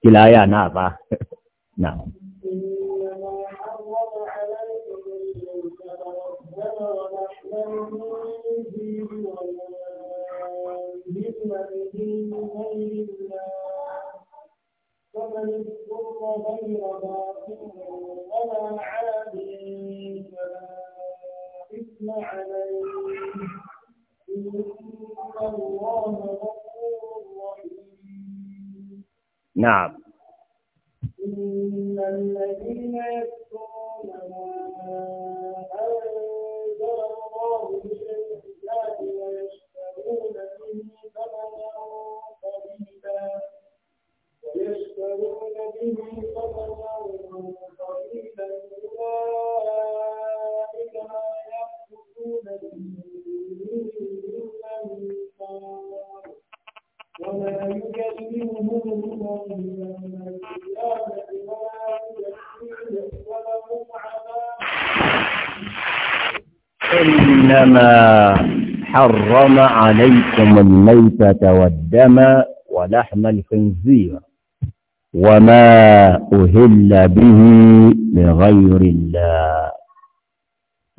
kí láyà náà bá nà. Thank you. نعم إن الذين إنما حرم عليكم الميتة والدم ولحم الخنزير وما أهل به لغير الله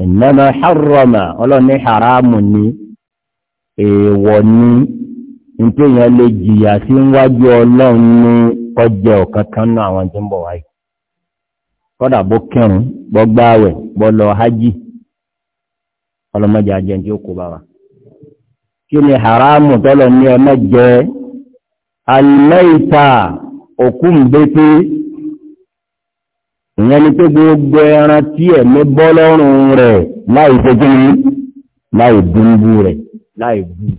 إنما حرم ọlọ́ni haramu ni èèwọ̀ ni nítorí èèyàn lè jìyà sí wájú ọlọ́run ní ọjọ́ kankan náà àwọn tó ń bọ̀ wáyé kọ́dà bó kírun bó gbáwẹ̀ bó lọ hájì ọlọ́mọdé ajẹ́ tí ó kó bá wa kí ni haramu tọ́lọ ní ọmọ jẹ́ alẹ́ìta òkú mbété ìyẹn ni pé gbogbo ẹran tí ẹ̀mí bọ́ lọ́rùn rẹ̀ láì fẹ́kíní láì dúnbú rẹ̀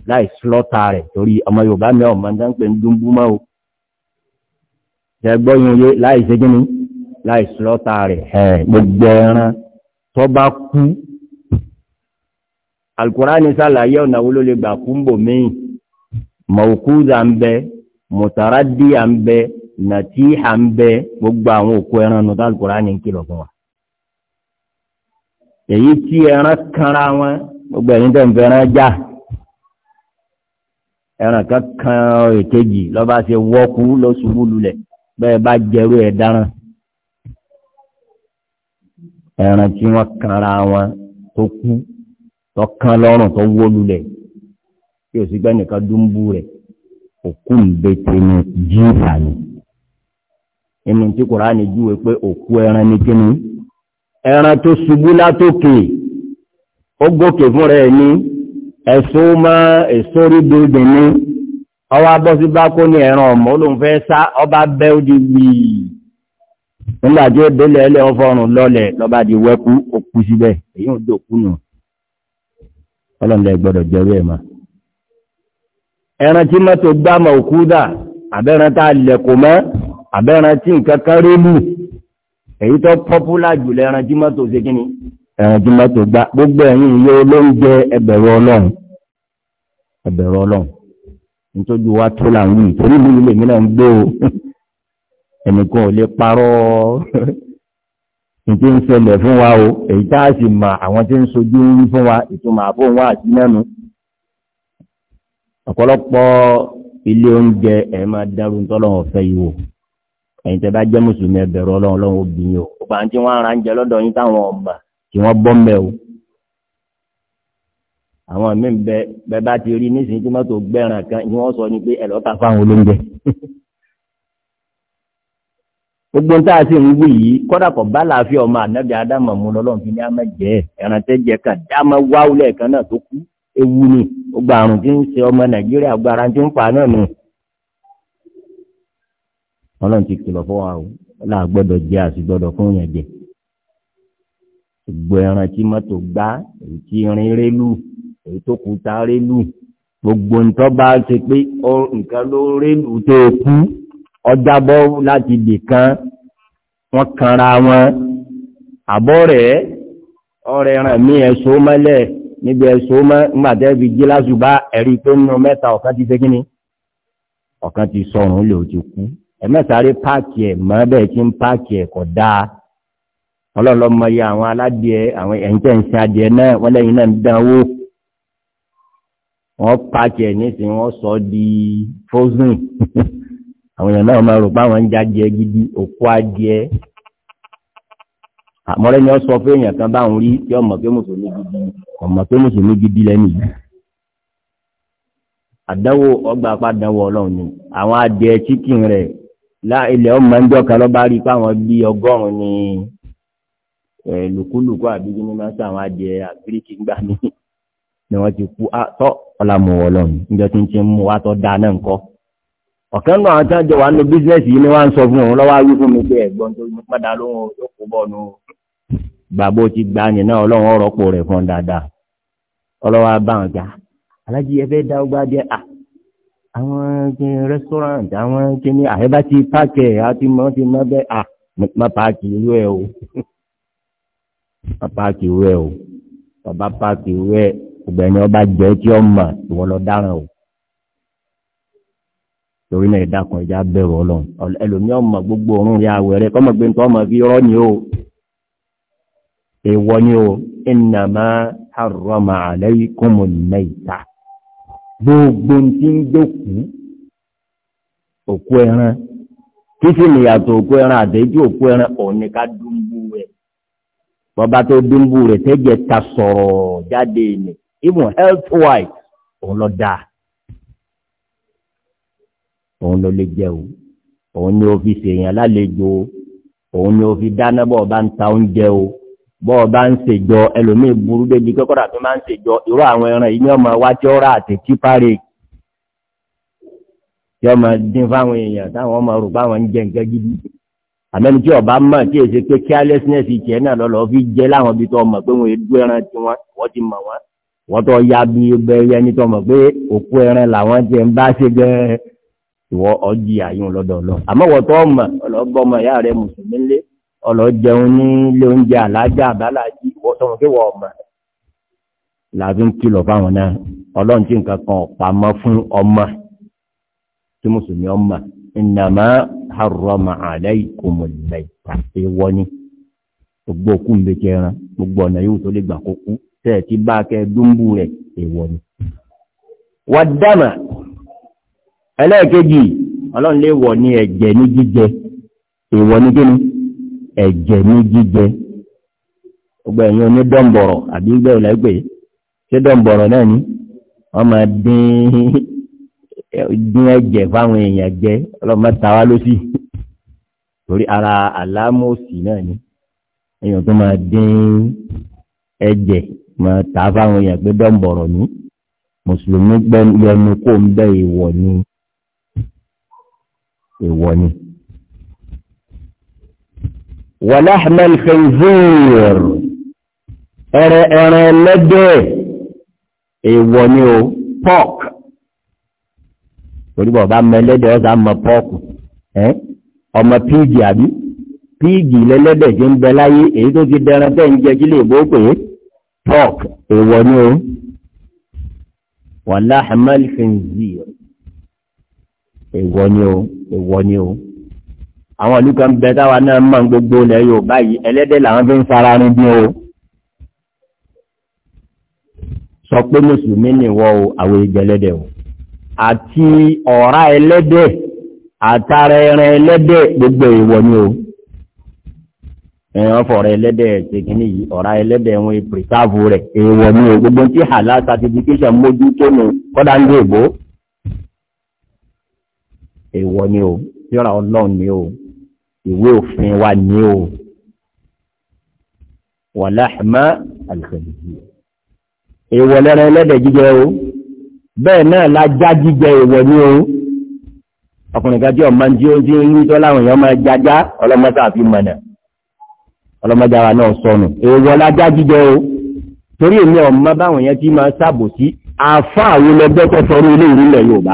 láì slọ́ta rẹ̀ torí ọmọ Yorùbá mi ọmọ ń dánpẹ́ ń dúnbú mọ́ o ṣẹgbọ́ yẹn láì fẹ́kíní láì slọ́ta rẹ̀ gbogbo ẹran tó bá kú alukurani sàlàyé ọ̀nà wo ló lè gbà kú ń bò míì mọ̀kúza ń bẹ mùtàràdíyà ń bẹ nàtíhà ń bẹ gbogbo àwọn òkú ẹran nù alukurani ń kìlọ̀ fún wa. èyí tí ẹran kanra wọn gbogbo ẹ̀yin tẹ̀ ń fẹ́ràn já ẹran kan kan lọ́ba ṣe wọ́kú ló lulẹ̀ bẹ́ẹ̀ bá jẹ́rú ẹ̀ dáràn ẹran tí wọ́n kanra wọn tó kú tọkàn lọ́rùn tó wó lulẹ̀ tí o sì gbẹ nìkan dúnbú rẹ òkú nbẹtẹ ní jíìfà ni inú tí kùránì júwe pé òkú ẹran ní kíni ẹran tó ṣubú látòkè ó gòkè fún rẹ ní ẹ̀sùn mọ́ èso rí bíbí ní ọwọ́ abọ́sí bá kó ní ẹran ọmọ olóhùn fẹ́ sá ọba bẹ́ ó di wíì nígbà tí ó délẹ̀ ẹlẹ́ ọfọrùn lọlẹ̀ lọ́ba di wẹ́kú òkú síbẹ̀ èyí ò dòkú nù. ọlọ́nlẹ̀ gbọ́dọ̀ jẹ́rú ẹ̀ mọ́. ẹran tí mọ́tò gbámà òkú dà àbẹ́ran tá a lẹ̀kọ̀ mọ́ àbẹ́ran tí nǹkan kan rí èyí tó pọ́pùlà jùlọ ẹran tí mọ́tò ṣe kí ni ẹran tí mọ́tò gbogbo ọlọ́run ọlọ́run nítorí wa tó là ń wí torí mi náà ń <laughs> <laughs> ìtí ń ṣẹlẹ̀ fún wa o èyí tá a sì mọ àwọn tí ń sojú ń fún wa ìtumọ̀ àfóhùn wa àti mẹ́nu ọ̀pọ̀lọpọ̀ ilé oúnjẹ ẹ̀ máa dárú tọ́lọ́wọ́ fẹ́ yìí wò ẹ̀yin tẹ́ bá jẹ́ mùsùlùmí ẹ̀bẹ̀rù ọlọ́run ọlọ́run obìnrin o ọba àti wọn ara ń jẹ lọ́dọ̀ yín táwọn ọba tí wọ́n bọ́ mbẹ́ o àwọn míì bẹ bẹ bá ti rí nísìnyí tí mọ́tò gbẹ̀ràn kan ni wọ́n sọ ni pé ẹ̀ lọ́ta fáwọn olóúnjẹ <laughs> gbogbo ń táà sí ń wí yìí kọ́dà kọ̀ bá láàfin ọmọ ànábì ádámà mú lọ́lọ́run fi ní àmà jẹ́ ẹran tẹ́ jẹ́ ká dáàmà wáwú lẹ́ẹ̀kan náà tó kú ewu ni gbogbo àrùn tí ń ṣe ọmọ nàìjíríà gbogbo ara tí ń pa náà nù. ọlọ́run ti kìlọ̀ fún wa o láà gbọ́dọ̀ jẹ àsìgbọ́dọ̀ fún yẹn jẹ. gbogbo ẹran tí mọ́tò gbá èyí tí irin rélù èyí tó kú ta rélù gbogbo ntọ́ bá ṣe pé nǹkan ló rélù tó kú ọjàbọ́ láti dì kan wọ́n kanra wọn àbọ̀ rẹ̀ ọ̀rẹ́ ràn mí ẹ̀ṣọ́ mọ́lẹ̀ níbi ẹ̀ṣọ́ mọ́ ńgbàtẹ́ fi jí lásùbá ẹ̀rí pé nínú mẹ́ta ọ̀kan ti ṣe kíni ọ̀kan ti sọ̀rùn lè ti kú ẹ̀mẹ́sàárẹ́ páàkì ẹ̀ mọ́ bẹ́ẹ̀ tí ń páàkì ẹ̀ kọ̀ dáa ọlọ́lọ́mọ yẹ àwọn aládìẹ àwọn ẹ̀ǹtẹ̀ ń ṣe adìẹ náà wọ́n lẹ́yìn náà ń dánwó wọ́n páàkì ẹ̀ nísìnyí wọ́n sọ di frozen <laughs> àwọn èèyàn náà máa rò pé ń jájẹ gidi òkú adìẹ àmọ́rẹ́ ni ó sọ fún èèyàn kan báwọn rí tí ọmọ pé mùsùlùmí gidi ọmọ pé mùsùlùmí gidi lẹ́nu yìí àdánwò ọgbà apádánwò ọlọ́run ni àwọn adìẹ chicken rẹ̀ ilẹ̀ ọmọ ń jọ́ka lọ́ba rí fáwọn bí ọgọ́rùn-ún ni lùkúlùkú àbíjú ní máa ń sàwọn adìẹ àgíríkì gbà mí <laughs> ni wọ́n ti kú tọ́ ọ̀làmùwọ̀ ọlọ́run níjọ́ tí ń ti mú wa tọ́ da náà ń kọ́ ọ̀kan náà àwọn tájọ wà nínú bísínẹ́sì yìí ni wọ́n ń sọ fún òun lọ́wọ́ wí fún mi pé ẹ̀gbọ́n tó ní padà lóhun tó kó bọ̀ nù gbàgbó ti gbà ní náà ọlọ́run ọ̀rọ̀ pò rẹ̀ fún dáadáa ọlọ́wọ́ bá wọn jà alájí ẹ fẹ́ dá ọgbà díẹ̀ à ah, àwọn rẹ́sítọ́rántì àwọn kíní àyẹ́bá ah, ti páàkì ẹ̀ àti mọ́ ti mọ́ bẹ́ẹ̀ à ah, má páàkì irú ẹ̀ o má páàkì irú ẹ̀ o bàbá páàkì irú ẹ̀ ọ̀gbẹ́ni ọba jẹ́ tí ọ torí náà ìdákan ẹja bẹ̀rù ọlọ́run ẹlòmíọ́ ọmọ gbogbo òórùn ya wẹ̀rẹ̀ kọ́mọ gbé nǹkan ọmọ fi rọ́ ni o èèwọ̀ ni o innama harrama alaykumul mayta gbogbo tí ń dókú òkú ẹran títí nìyàtọ̀ òkú ẹran àtẹ́jú òkú ẹran òní ká dúnbú rẹ̀ bọ́bá tó dúnbú rẹ̀ tẹ́jẹ̀ ta sọ̀rọ̀ jáde ní even health òun lọ dáa òun ló lè jẹ o òun ni ó fi ṣèyàn lálejò òun ni ó fi dáná bọ́ọ̀ bá ń ta oúnjẹ o bọ́ọ̀ bá ń ṣèjọ ẹlòmíì burú débi kọ́kọ́dà tó máa ń ṣèjọ irú àwọn ẹran yìí ní ọmọ wa tí ó rà àti kípárì tí ọmọ dín fáwọn èèyàn táwọn ọmọ rò báwọn ń jẹ nǹkan gidi àmẹ́ni tí ọba mọ̀ tí èsì pé carelessness tiẹ̀ náà lọ́lọ́ fi jẹ́ láwọn ibi tó ọmọ pé wọ́n èdú ẹran tí wọ́n wọ́n ti mọ̀ wọ́n wọ́n tó ya bí bẹ́ẹ̀ ẹni tó mọ̀ pé òkú ẹran làwọn ti ń bá ṣe gẹ́ẹ́ ìwọ ọjì àyùn lọ́dọ̀ lọ àmọ́ wọ́n tó mọ̀ ọlọ́gbọ́n ọmọ ìyá rẹ̀ mùsùlùmí lé ọlọ́jẹun ní ilé oúnjẹ àlájá àbáláàjì wọ́n tọmọ pé wọ́n mọ̀ làbí ń kìlọ̀ fáwọn náà ọlọ́run tí nǹkan kan pamọ́ fún ọmọ tí mùsùlùmí ọmọ innama harrama alaykumul mayta ìwọ ni gbogbo òkú ń bẹ kẹran gbogbo ọ̀nà yóò tó lè gbà kó kú tẹ́ẹ̀ tí bá kẹ dúnbù rẹ̀ ìwọ ni. wàdàmà ẹlẹ́ẹ̀kejì ọlọ́run lè wọ̀ ní ẹ̀jẹ̀ ní jíjẹ èèwọ̀ ní kíni ẹ̀jẹ̀ ní jíjẹ gbogbo ẹ̀yin onídọ́ǹbọ̀rọ̀ àbí gbẹ́ ìlẹ́gbẹ̀ẹ́ ṣé náà ni wọ́n máa dín ẹ̀jẹ̀ fáwọn èèyàn jẹ ọlọ́run mẹ́ta wá ló torí ara àlámòsì náà ni èèyàn tó máa dín ẹ̀jẹ̀ máa tà fáwọn èèyàn pé ni èèwọ̀ ni. wàláhàmẹ́lì khinzir ẹ̀rẹ̀ ẹ̀rẹ̀ ẹlẹ́dẹ̀ èèwọ̀ ni o pork torí bọ̀ bá mọ ẹlẹ́dẹ̀ ọ̀sán mọ pork ọmọ píìgì àbí píìgì lẹ́lẹ́dẹ̀ jẹ́ ń bẹ láyé èyí tó ti dẹran tẹ́ ń jẹ kí lè bó pè é pork ni o wàláhàmẹ́lì khinzir èwọ ni o èwọ ni o àwọn ìlú kan bẹ táwa náà mọ̀ gbogbo ilẹ̀ Yorùbá yìí ẹlẹ́dẹ̀ làwọn fi ń fara rin bí o sọ pé mùsùlùmí nìwọ o àwọn ìjẹlẹ́dẹ̀ o àti ọ̀rá ẹlẹ́dẹ̀ àtàrà ẹran ẹlẹ́dẹ̀ gbogbo èèwọ̀ ni o ẹ̀yàn fọ̀rọ̀ ẹlẹ́dẹ̀ ṣèkínní yìí ọ̀rá ẹlẹ́dẹ̀ wọn pìrìsáàbù rẹ̀ èèwọ̀ ni o gbogbo tí halal certification mójú tó nù kọ́dá ń gbé èèwọ̀ ni o yọ̀rá ọlọ́run ni o ìwé òfin wa ni o wàláhàmá àlùfẹ̀lẹ́jì èèwọ̀ lẹ́ran ẹlẹ́dẹ̀ jíjẹ o bẹ́ẹ̀ náà lájá jíjẹ èèwọ̀ ni o ọkùnrin kan tí ọmọ tí ó ti ń rí tọ́ láwọn èèyàn máa jájá ọlọ́mọdé àfi mọ̀nà ọlọ́mọdé ara náà sọnù èèwọ̀ lájá jíjẹ o torí èmi ọmọ báwọn èèyàn ti máa sábò sí àáfàá àwọn ẹgbẹ́ tó ilé ìrìnlẹ̀ Yorùbá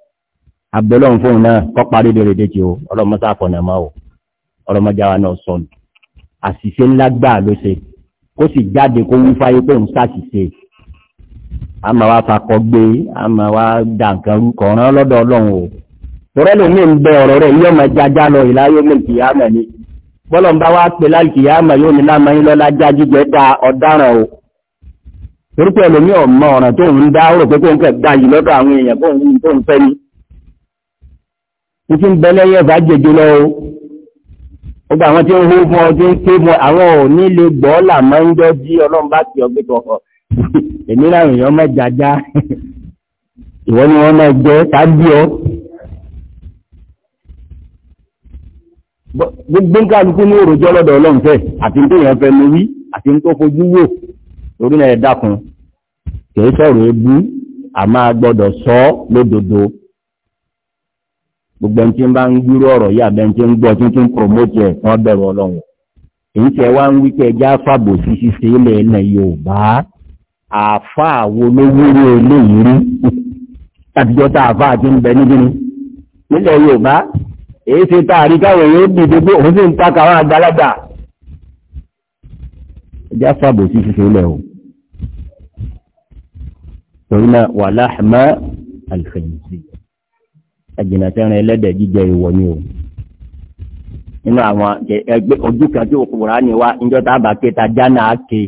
abẹ́lọ́n fóun náà kọ́ parí dèrèdè tí o ọlọ́mọsá àfọ̀nàmọ́ o ọlọ́mọdé wa náà sọnù àṣìṣe ńlá gbà ló ṣe kó sì jáde kó wí fáyé pé òun ṣàṣìṣe a máa wá fakọ gbé a máa wá dà nǹkan rúkọ ọ̀ràn lọ́dọ̀ ọlọ́run o tọ́rẹ́ ló ní bẹ ọ̀rọ̀ rẹ̀ yóò máa jájá lọ ìláyé mẹ́kì yámẹ̀ ni bọ́lọ̀ ń bá wá pè láìkì yámẹ̀ yóò ní láàmú yín lọ́lá já jíjẹ da ọ̀daràn o torí pé ẹlòmíọ̀ mọ ọ̀ràn tó ń dá rò pé kó ń kẹ̀ gbà yìí lọ́dọ̀ àwọn èèyàn kó ń fẹ́ ni títí ń bẹ́lẹ́ yẹ fà jẹjẹ lọ o ó gba àwọn tí ń hó fún ọ tí ń ké fún àwọn ò ní lè gbọ́ làmọ́ ń jọ jí ọlọ́run bá ti ọgbẹ́ tó ọ èmi láwọn èèyàn mọ́ jaja ìwọ ni wọ́n máa jẹ́ tábí ọ. gbogbo ń kálukú ní òròjọ́ lọ́dọ̀ ọlọ́run fẹ́ àti tó yẹn fẹ́ mi wí àti tó fojú wò lórí náà ẹ dákun kì í sọ̀rọ̀ ebú àmọ́ a gbọ́dọ̀ sọ ọ́ lódodo gbogbo ẹni tí ń bá ń gbúrú ọ̀rọ̀ yìí àbẹ́ ẹni tí ń gbọ́ tí ń tún promote ẹ̀ wọ́n bẹ̀rù ọlọ́run èyí tẹ wá ń wí pé ẹjá fàbò sí ṣíṣe ilẹ̀ ilẹ̀ yorùbá àfa àwo ló wúrú eléyìí rí àtijọ́ tá àfa àti ń bẹ níbi ni nílẹ̀ yorùbá èyí ṣe tá àrí káwọn èèyàn dìde pé òun sì ń ta kàwọn àgbàlagbà ẹjá fàbò sí ṣíṣe ilẹ̀ o torí náà wàhálà àmọ́ àlùfẹ̀yìntì ẹ̀jìnà tẹ́ran ẹlẹ́dẹ̀ jíjẹ ìwọ̀ ni o nínú àwọn ẹgbẹ́ ojú kan tí òkúra ni wá níjọ́ tá a bá ké ta jánà á ké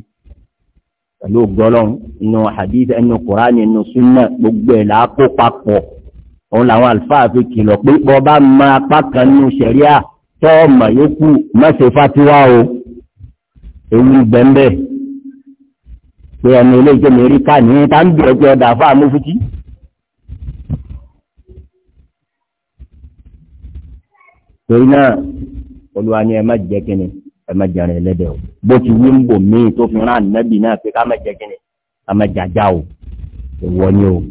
pẹ̀lú ògbọ́lọ́n inú hadith inú Kùránì inú súnà gbogbo ẹ̀ là á kó papọ̀ òun làwọn àlùfáà fi kìlọ̀ pé bọ́ bá ma apá kan nínú sẹ̀ríà tọ́ ọmọ yòókù mẹ́sẹ̀ fatiwa o ewu bẹ́ńbẹ́ pé ẹni ilé ìjọba erika ní tá ń bẹ̀rẹ̀ pé ọ̀dà fáà mú fúti. torí náà olúwa ni ẹ má jẹ́ ẹ má jẹrin o bó ti wí ń bò míì tó fi rán náà pé ká má o ìwọ ni o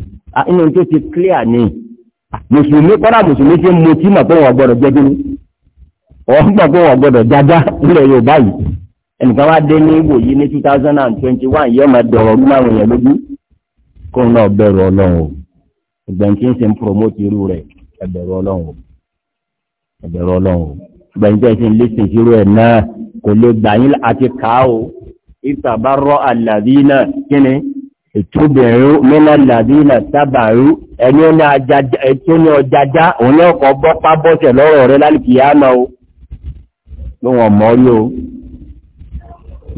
inú tó ti clear ni mùsùlùmí kọ́dà mùsùlùmí mú tí wọn kíni wọn jàjà nílẹ̀ Yorùbá yìí ẹnìkan wá dé ní ní two thousand and twenty one máa dọ̀rọ̀ ọdún márùn yẹn lójú o ṣe ń ẹ̀bẹ̀rẹ̀ ọlọ́run o gbẹ̀yìn tẹ́ ti ń lé sí ìṣirò ẹ̀ náà kò lè gbà yín àti kà á o ìtàbárọ̀ àlàdínà kí ni ìtúbẹ̀rù mẹ́lá àlàdínà sábàrú ẹni tó ní ọjàjá òun náà kọ́ bọ́ pábọ́sẹ̀ lọ́rọ̀ rẹ lálùkì yánà o ló wọn mọ́ rí o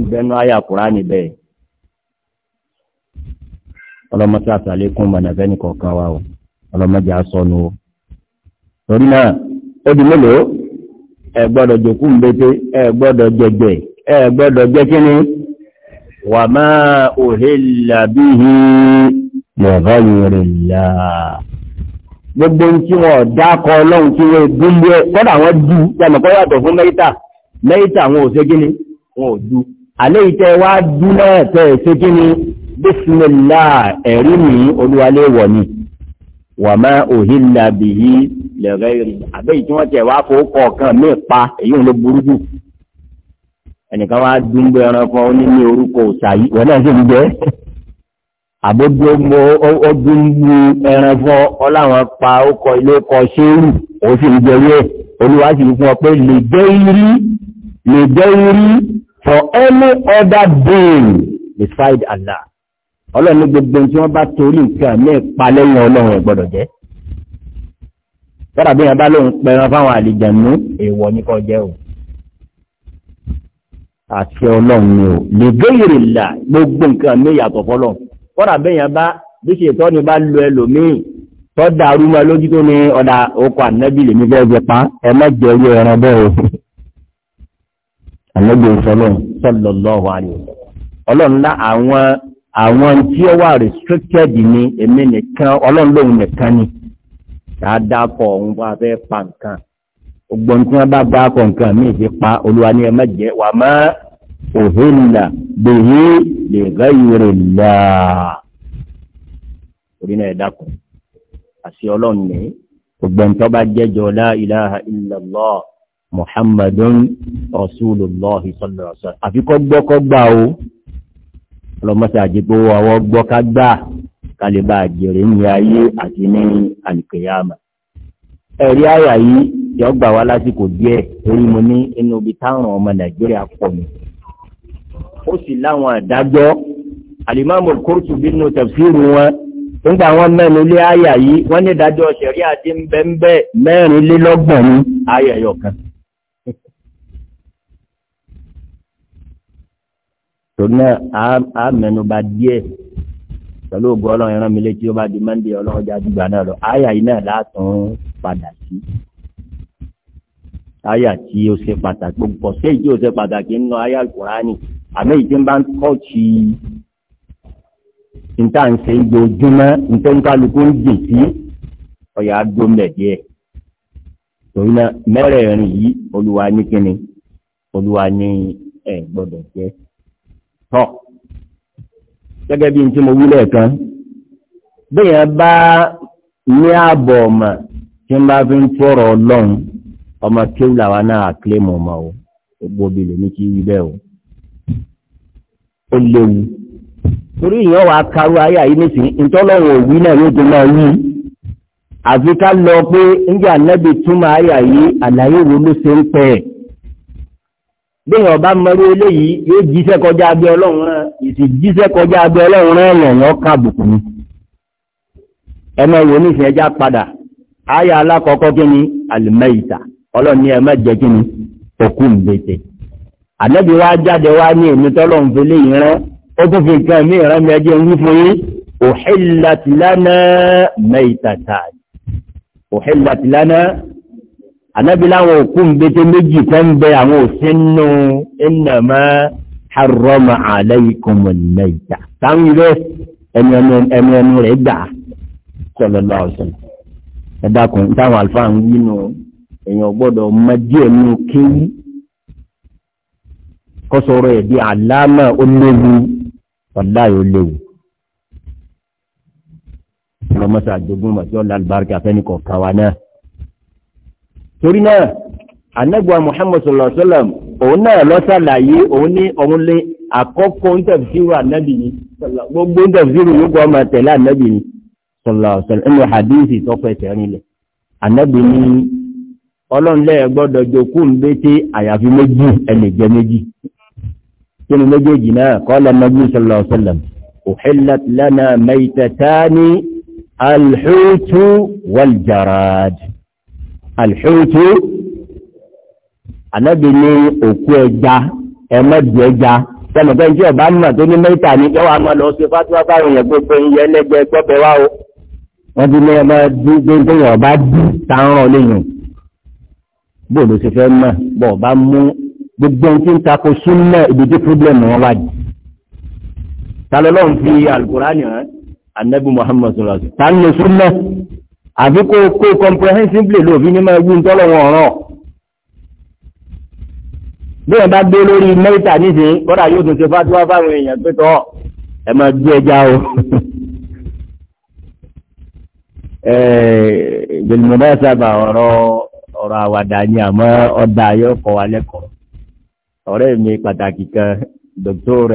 ìbẹ́nu àyà Kùránì bẹ́ẹ̀ ọlọ́mọ tí wa o ọlọ́mọ jẹ́ o torí náà ó di mélòó ẹ gbọ́dọ̀ jòkú ń bété ẹ gbọ́dọ̀ jẹgbẹ ẹ gbọ́dọ̀ jẹ kíní wà máa òhèlà bí i lọ́gọ́ ìrìnlá gbogbo tí wọ́n dákọ ọlọ́run tí wọ́n gúnlé ẹ̀ kọ́dà wọ́n dù jẹ́mọ̀kọ́ yàtọ̀ fún mẹ́ta mẹ́ta wọn ò ṣe kíní wọn ò dù alẹ́ ìtẹ́ wá dù náà tẹ́ ṣe kíní bísmìlá ẹ̀rí mi olúwalé wọ̀ ni wàmẹ òhìnlá bìyí lẹrẹ rí àbẹ́yì tí wọ́n tẹ̀ wá fowó kọ̀ọ̀kan mí pa èyí ló burú jù ẹnìkan wá dúnbọ ẹran fún ọ ní ní orúkọ òòṣà yìí wọn náà sì ń jẹ àbójú mo ó dúnbọ ẹran fún ọ láwọn pa ọkọ ilé kọ ṣéwù ó sì ń jẹ wíwẹ olúwa sì fún ọ pé lè jẹ́ irí lè jẹ́ irí for any other being beside Allah ọlọ́run ní gbogbo tí wọ́n bá torí nǹkan ní ipa lẹ́yìn ọlọ́run gbọ́dọ̀ jẹ́ tọ́lá bí yẹn bá lóun pẹran fáwọn àlìjànú èèwọ̀ ní kọ́ jẹ́ o àti ọlọ́run ni o lè gbéyèrè là gbogbo nǹkan mi yàtọ̀ fọlọ́ tọ́lá bí yẹn bá bí ṣètọ́ ni bá lu ẹlòmíì tọ́ dàrú mọ́ lójú tó ní ọ̀dà okọ̀ ànábì lèmi fẹ́ jẹ pa ẹ má jẹ orí ẹran bẹ́ẹ̀ o ànábì ìfọlọ́run sọ́lọ́lọ́ọ̀ ọlọ́run lá àwọn àwọn tí ó wà restricted ni èmi nìkan ọlọ́run lóun nìkan ni dáadáapọ̀ òun wá fẹ́ pa nǹkan ọgbọ́n tí wọ́n bá gbá akọ̀ nǹkan mí ti pa olúwa ní ẹmẹ́ jẹ́ wà mọ́ òhìnlá bèyí lè gáyìrì láà orí náà dákùn àti ọlọ́run ní tó bá jẹ́jọ la ilaha illallah muhammadun rasulullah sallallahu alaihi wasallam àfikọ́ gbọ́kọ́ gbà o ọlọ́mọsí àjẹgbó àwọn gbọ́ ká gbà kálíbà àjèrè ní ayé àti ní àlìkèyàmà ẹ̀rí àyà yìí yọ gbà wá lásìkò díẹ̀ torí mo ní inú ibi táwọn ọmọ nàìjíríà pọ̀ mi ó sì láwọn àdájọ́ alimami Qurtubi nínú tafsiru wọn nígbà wọn mẹ́nu lé àyà yìí wọ́n ní ìdájọ́ ṣẹ̀rí àti ń bẹ́ẹ̀ mẹ́rin lélọ́gbọ̀n ní àyà yọ̀kan. torí náà a mẹ́nuba díẹ̀ pẹ̀lú ògùn ọlọ́run ẹran mi létí ó bá di mọ́ndé ọlọ́run jáde gbà náà lọ àyà yìí náà látún padà sí àyà tí ó ṣe pàtàkì gbogbo ṣé èyí tí ó ṣe pàtàkì nínú àyà kùránì àmì èyí tí ń bá ń kọ́ọ̀tì níta ń ṣe ojoojúmọ́ níta ń kálukú ń jìn sí ọ̀yà àdómẹ̀ díẹ̀ torí náà mẹ́rẹ̀ẹ̀rin yìí olúwa ní kíni olúwa ní ẹ̀ gbọ́dọ̀ jẹ́ tọ́ gẹ́gẹ́ bí n tí mo wí lẹ́ẹ̀kan bẹ́yàn bá ní ààbọ̀ ọ̀mà tí ń bá fi ń tọrọ ọlọ́run ọmọ kéwù làwa náà àkílẹ̀mù ọmọ o gbogbo bí lèmi kì wí bẹ́ẹ̀ o ó léwu torí ìyàn wàá karú ayé àyè nísìnyí ntọ́lọ́run òwí náà yóò tó máa wí àfi ká lọ pé ń jẹ́ ànábì túmọ̀ ayé bẹ́ẹ̀ ọba mọ́rí eléyìí yóò jíṣẹ́ kọjá abẹ́ ọlọ́run rán ìsì jíṣẹ́ kọjá abẹ́ ọlọ́run rán ẹ̀yàn ẹmọ ìwò ní ìsìn ẹjá padà àyà alákọ̀ọ́kọ́ kí ni àlùmẹ́ìta ọlọ́run ní ẹmọ jẹ́ kí ni òkú mbètè àdẹ́bí wá jáde wá ní èmi tọ́lọ́run fi lè rán ó tún fi ànábi láwọn òkú nbété méjì kan bẹ àwọn òsín nù innama harrama alaykumul mayta táwọn ilé ẹnu ẹnu rẹ̀ gbà sọlọ́lá ọ̀sán ẹ̀dàkùn táwọn àlùfáà ń wí nù èèyàn gbọ́dọ̀ má díẹ̀ nù kéwú kọ́sọ̀rọ̀ ẹ̀ bí àlámà ó léwu wàláyé ó léwu ọlọ́mọsá jogún màtí ọ̀là àlùbáríkà fẹ́ni kọ̀ọ̀kan wa náà torí náà anagba muhammad sallallahu alaihi wa sallam òun náà lọ́sàlàyé òun ní òun lé àkọ́kọ́ ntẹ̀fisiru anabi ni gbogbo ntẹ̀fisiru yóò gbọ́ ọmọ tẹ̀lé anabi ni sallallahu alaihi wa sallam ẹnu hadithi tó fẹsẹ̀ rinlẹ̀ anabi ni ọlọ́nlẹ́ gbọ́dọ̀ jòkú nbẹ́tẹ́ àyàfi méjì ẹnìjẹ méjì kínú méjèèjì náà qala alḥutu anabi ní òkú ẹja ẹmẹbi ẹja sẹmọtẹ ní ọba mímọ tó ní mẹ́ta ní yọwọ àmọ lọ sí fatuwa báwọn yẹn gbogbo ń yẹ ẹlẹgbẹ gbọbẹ wa o wọn ti ní ọba dídé tó yẹ ọba dì táwọn ọlẹyìn bóòlù sì fẹ mọ bọ ọba mú gbogbo ohun tí ń takò súnmọ ibi tí pírọblẹmù wọn wà jù talọlọ ń fi alukóra nìyẹn anabi muhammadu sallallahu alaihi wa sallam tani sunna. àbí kó kó comprehensively lòbí ní máa wí tọ́lọ́wọ́n ọ̀ràn bí bá gbé lórí mẹ́ta yóò tún ṣe fáwọn èèyàn pé tọ́ ẹ máa gbé ẹja o <laughs> sábà ọ̀rọ̀ ọ̀rọ̀ àwàdà ni àmọ́ ọ̀dà yóò kọ́ wa lẹ́kọ̀ọ́ ọ̀rẹ́ mi pàtàkì kan Dr.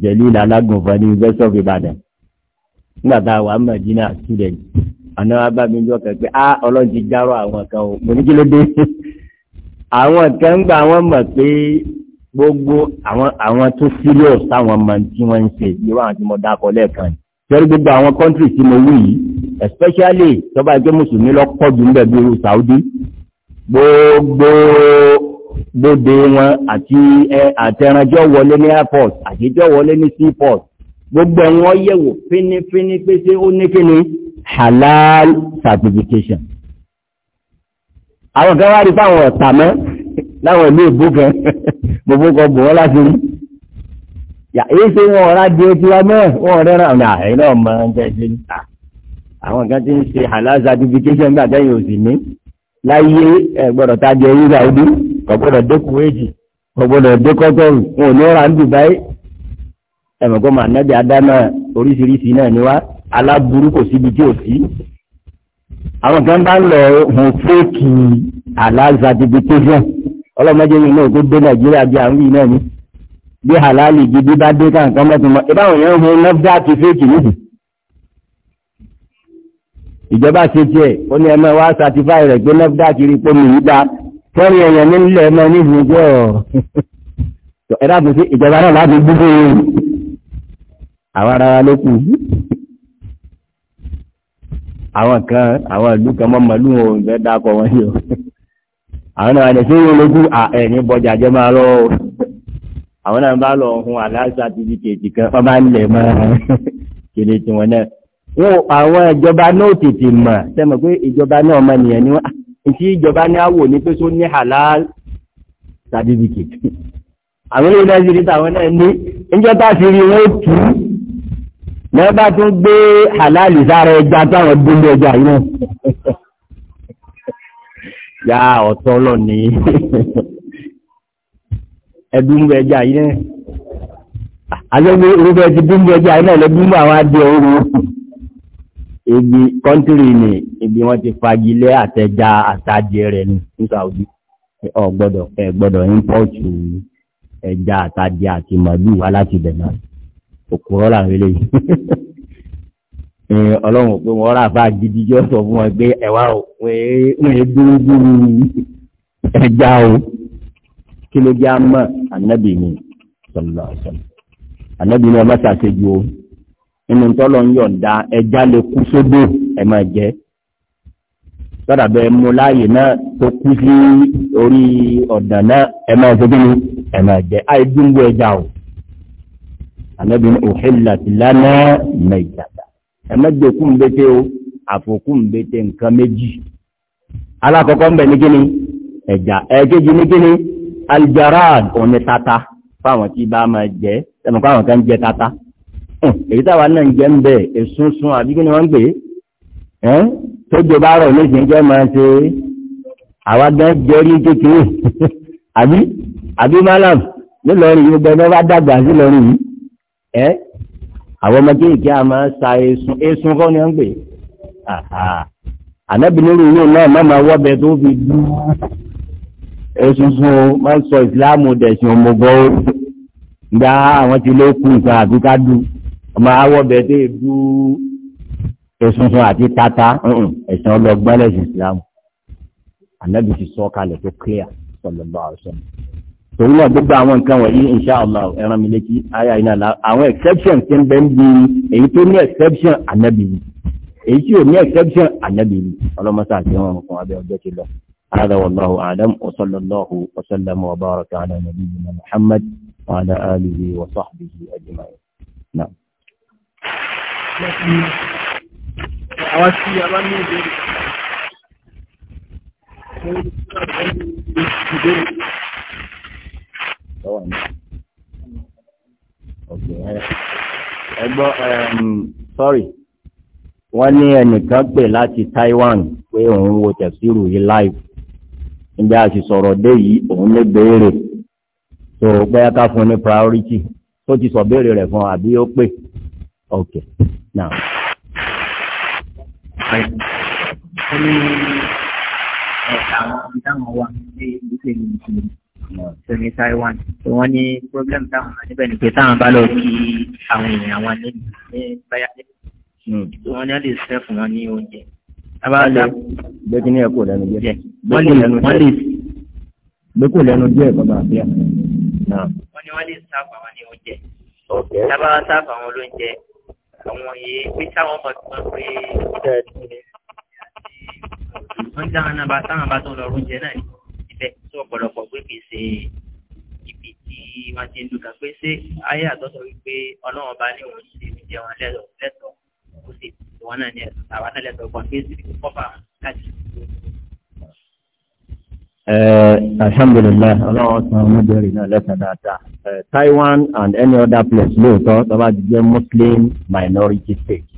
Jelil ní University of Ibadan nígbà tá a wà student. àná wa bá pé ah ọlọ́run ti dárò àwọn kan o mo ní kí ló dé <laughs> àwọn kan gbà wọ́n mọ̀ pé gbogbo àwọn àwọn tó serious táwọn máa tí wọ́n ń ṣe irú àwọn tí mo dákọ lẹ́ẹ̀kan torí gbogbo àwọn country tí mo wí yìí especially tọ́ba ẹgbẹ́ mùsùlùmí lọ́pọ̀ jù níbẹ̀ bí irú Saudi gbogbo gbòde wọn àti àtẹranjọ wọlé ní airport àtijọ́ wọlé ní seaport gbogbo wọn yẹ̀wò fínífíní pé ṣé ó ní kíni halal certification. àwọn kan wá rí fáwọn ọ̀tà láwọn ìlú <laughs> gbogbo kan bò wọ́n láti rí ṣe wọn di ojú wa mọ́ wọn ọ̀rẹ́ ní àyè náà mọ́ ń jẹ́ ṣe ń ta àwọn kan ti ń ṣe halal certification tẹ́yìn òsì ní láyé tá a jẹ ojú dẹ́kun èjì wọn ò ní ọ̀rá ń ẹ̀mọ̀kọ́ màá aláburú kò síbi tí ò sí àwọn kan bá ń lọ hàn fẹ́ẹ̀kì aláàzàdìbìtẹ́sán ọlọ́mọdé yìí náà tó dé nàìjíríà bí àwọn yìí náà ní bí halali gidi bá dé káàkan mọ́tò mọ́ ìbáwọn yẹn ń hun nọ́fdá àti fẹ́ẹ̀kì nìyí ìjọba ṣe tiẹ̀ ó ní ẹmọ wa ṣàtìfáì rẹ̀ pé nọ́fdá kiri pé mi níta fẹ́ẹ̀rì ẹ̀yàn nílẹ̀ ẹmọ níhùn jẹ́ ọ̀ ẹ̀dá kò sí ìjọba náà láti gbúgbó àwọn ara wa ló kù àwọn kan àwọn ìlú kan mọ́ màlú wọn ò fẹ́ dákọ̀ wọn yìí o àwọn náà ẹni tí wọn lójú ẹni bọjà jẹ máa lọ o àwọn náà bá lọ hun aláṣà tìbí kejì kan wọn bá ń lẹ̀ mọ́ kele tiwọn náà wọn àwọn ìjọba náà tètè mọ̀ sẹ́mi pé ìjọba náà mọ̀ nìyẹn ni wọn tí ìjọba ní àwò ní pé só ní halal certificate àwọn ilé ìdájí rí tàwọn náà ní ìjọba sí rí wọn lẹ́yìn bá tún gbé àláàlì sára ẹja táwọn gbóngbó ẹja yìí náà ya ọ̀tọ̀ lọ ní ẹdúngbó ẹja yìí náà àjọgbé orúkọ ti dúngbó ẹja yìí náà lẹ́dúngbó àwọn adé ooru ibi kọ́ńtírì ni ibi wọ́n ti fagilé àtẹja àtàjẹ rẹ̀ ní ní Saudi ọ̀gbọ́dọ̀ ẹ̀ gbọ́dọ̀ import ẹja àtàjẹ àti màlúù wá láti bẹ̀ náà òkúrọ́ làwọn eléyìí ọlọ́run pé wọ́n rà fáà gidi yọ sọ fún wọn pé ẹ̀wá o wọ́n yé gbúrúgbúrú ẹja o kí ló jẹ́ àmọ́ ànábì ni sọlọ sọlọ ànábì ni ọmọ sàṣejù o nínú tọ́lọ̀ ń yọ̀ǹda ẹja lè kú sódò ẹ̀ máa jẹ́ sọ́dà bẹ́ẹ̀ mú láàyè náà tó kú sí orí ọ̀dàn náà ẹ̀ máa ṣe kí ni ẹ̀ máa jẹ́ àìdúngbò ẹja o ànábi ní òhìlà ti lánà mẹjàdà ẹ mẹjọ kún bété o àfòkún bété nǹkan méjì alákọ̀ọ́kọ́ ń bẹ̀ ní kíni ẹ̀jà ẹ̀kejì ní kíni aljarad òní tata fáwọn tí bá máa jẹ ẹnu fáwọn kan jẹ tata èyí táwa náà ń jẹ ń bẹ èsúnsún àbí kí wọ́n ń pè é tó jẹ bá rọ̀ lóṣìṣẹ́ jẹ́ máa ṣe àwa gan jẹ́ kékeré <laughs> àbí àbí malam nílọrin yóò gbẹ bá dàgbà sí yìí ẹ́ àwọn ọmọdé ìkí a máa sa esun esun kọ́ ni ó ń gbé ànábìnrin ìlú náà má máa wọ́bẹ̀ tó fi dú esun sun máa ń sọ ìsìláàmù dẹ̀sìn ọmọgbọ́ gba àwọn tí ló kú nǹkan àbí ká dú ọmọ awọ́bẹ̀ tó dú esun sun àti tata ẹ̀sìn ọlọgbọ́n lẹ̀sìn ìsìláàmù ànábìnrin sọ kalẹ̀ tó clear sallallahu alaihi wasallam torí náà gbogbo àwọn nǹkan wọ̀nyí insha Allah ẹran mi létí àyà iná la àwọn exception ti ń bẹ ń bi èyí tó ní exception ànábì ni èyí tí ò ní exception ànábì ni ọlọ́mọsá àti wọn fún abẹ́ ọjọ́ ti lọ. هذا والله أعلم وصلى الله وسلم وبارك على نبينا محمد وعلى آله وصحبه أجمعين نعم àwọn tí a bá ní ìbéèrè lọ́wọ́ ní. ẹgbọ́ sorry wọ́n ní ẹnìkan pè láti Taiwan pé òun wo tẹ̀síìrù yìí live níbi àti sọrọ dé yìí òun lè béèrè tó bóyá fún ní priority tó ti sọ béèrè fún àbí ó pè ok now. àwọn ibi táwọn wà ní ìlú tèmi Taiwan tí wọ́n ní problem táwọn níbẹ̀ ni pé táwọn bá lọ kí àwọn èèyàn wọn ní ní báyálé tí wọ́n ní wọ́n lè ṣe fún wọn ní oúnjẹ. bẹ́ẹ̀ni ní ẹ̀kọ́ lẹ́nu jẹ́ wọ́n lè gbẹ́kọ̀ lẹ́nu jẹ́ bàbá àbí àná. wọ́n ní wọ́n lè sáfà wọn ní oúnjẹ. tábà sáfà wọn lóúnjẹ àwọn yìí pé táwọn mọ̀ tí wọ́n pé wọ́n dáhùn náà bá táwọn bá tó lọ oúnjẹ náà níbẹ̀ tó ọ̀pọ̀lọpọ̀ pé kì í ṣe ibi tí wọ́n ti ń dùn kan ṣé ayé àtọ́sọ wípé ọlọ́run bá ní òun ṣe oúnjẹ wọn lẹ́tọ̀ọ́ kó sì wọn náà ní àwa náà lẹ́tọ̀ọ́ kan pé sì kó kọ́fà láti. alhamdulilayi ọlọ́run san ọmọbìnrin náà lẹ́sàn dáadáa Taiwan and any other place lóòótọ́ tó bá jẹ́ Muslim minority state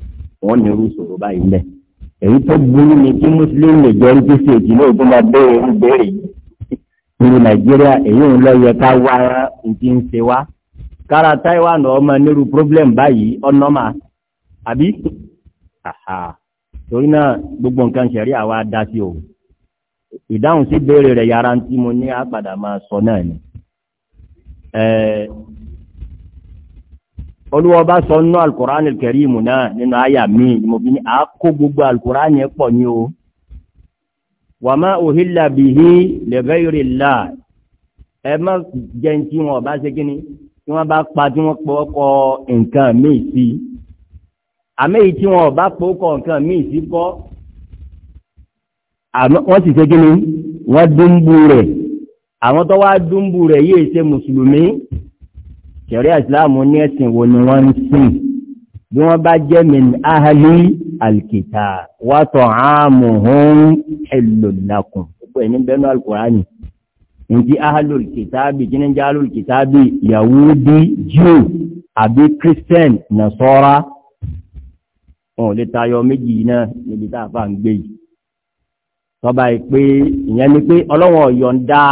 wọ́n ní irú ìṣòro báyìí lẹ́ẹ̀ èyí tó burú ni kí muslim majority state náà tó máa bẹ̀rẹ̀ ń bẹ̀rẹ̀ nínú nàìjíríà èyí ń lọ yẹ ká wá òkè ń ṣe wá kára taiwan ọmọ nírú problem báyìí ọ̀nà mà àbí torí náà gbogbo nǹkan ṣẹ̀rí àwa dá sí o ìdáhùn sí béèrè rẹ̀ yàrá tí mo ní àpàdà máa sọ náà ni olúwa bá sọ nínú alukur'an kẹrìmù náà nínú àyà mi mo fi ní àákó gbogbo alukur'an yẹn pọ̀ ní o wa ma uhilla bihi li ghayri Allah ẹ má jẹ́ ní tí wọn bá ṣe kíni tí wọ́n bá pa tí wọ́n pọ̀ ọkọ̀ nǹkan míì sí àmì tí wọn bá pọ̀ nǹkan míì sí kọ́ wọ́n sì ṣe kíni wọ́n dúnbù rẹ̀ àwọn tó wá dúnbù rẹ̀ yìí ṣe mùsùlùmí ṣẹ̀rí ìsìláàmù ní ẹ̀sìn wo ni wọ́n ń sìn bí wọ́n bá jẹ́ min ahali alkita wa ta'amuhum hillun lakum gbogbo ẹni bẹnu alkùránì njí ahalul kitabi jíní jẹ́ ahalul kitabi yahudi jew àbí christian nasọ́ra wọn ò lè tayọ méjì náà níbi tá a fà ń gbé yìí tọ́ba yìí ìyẹn ni pé ọlọ́wọ́n yọ̀ǹda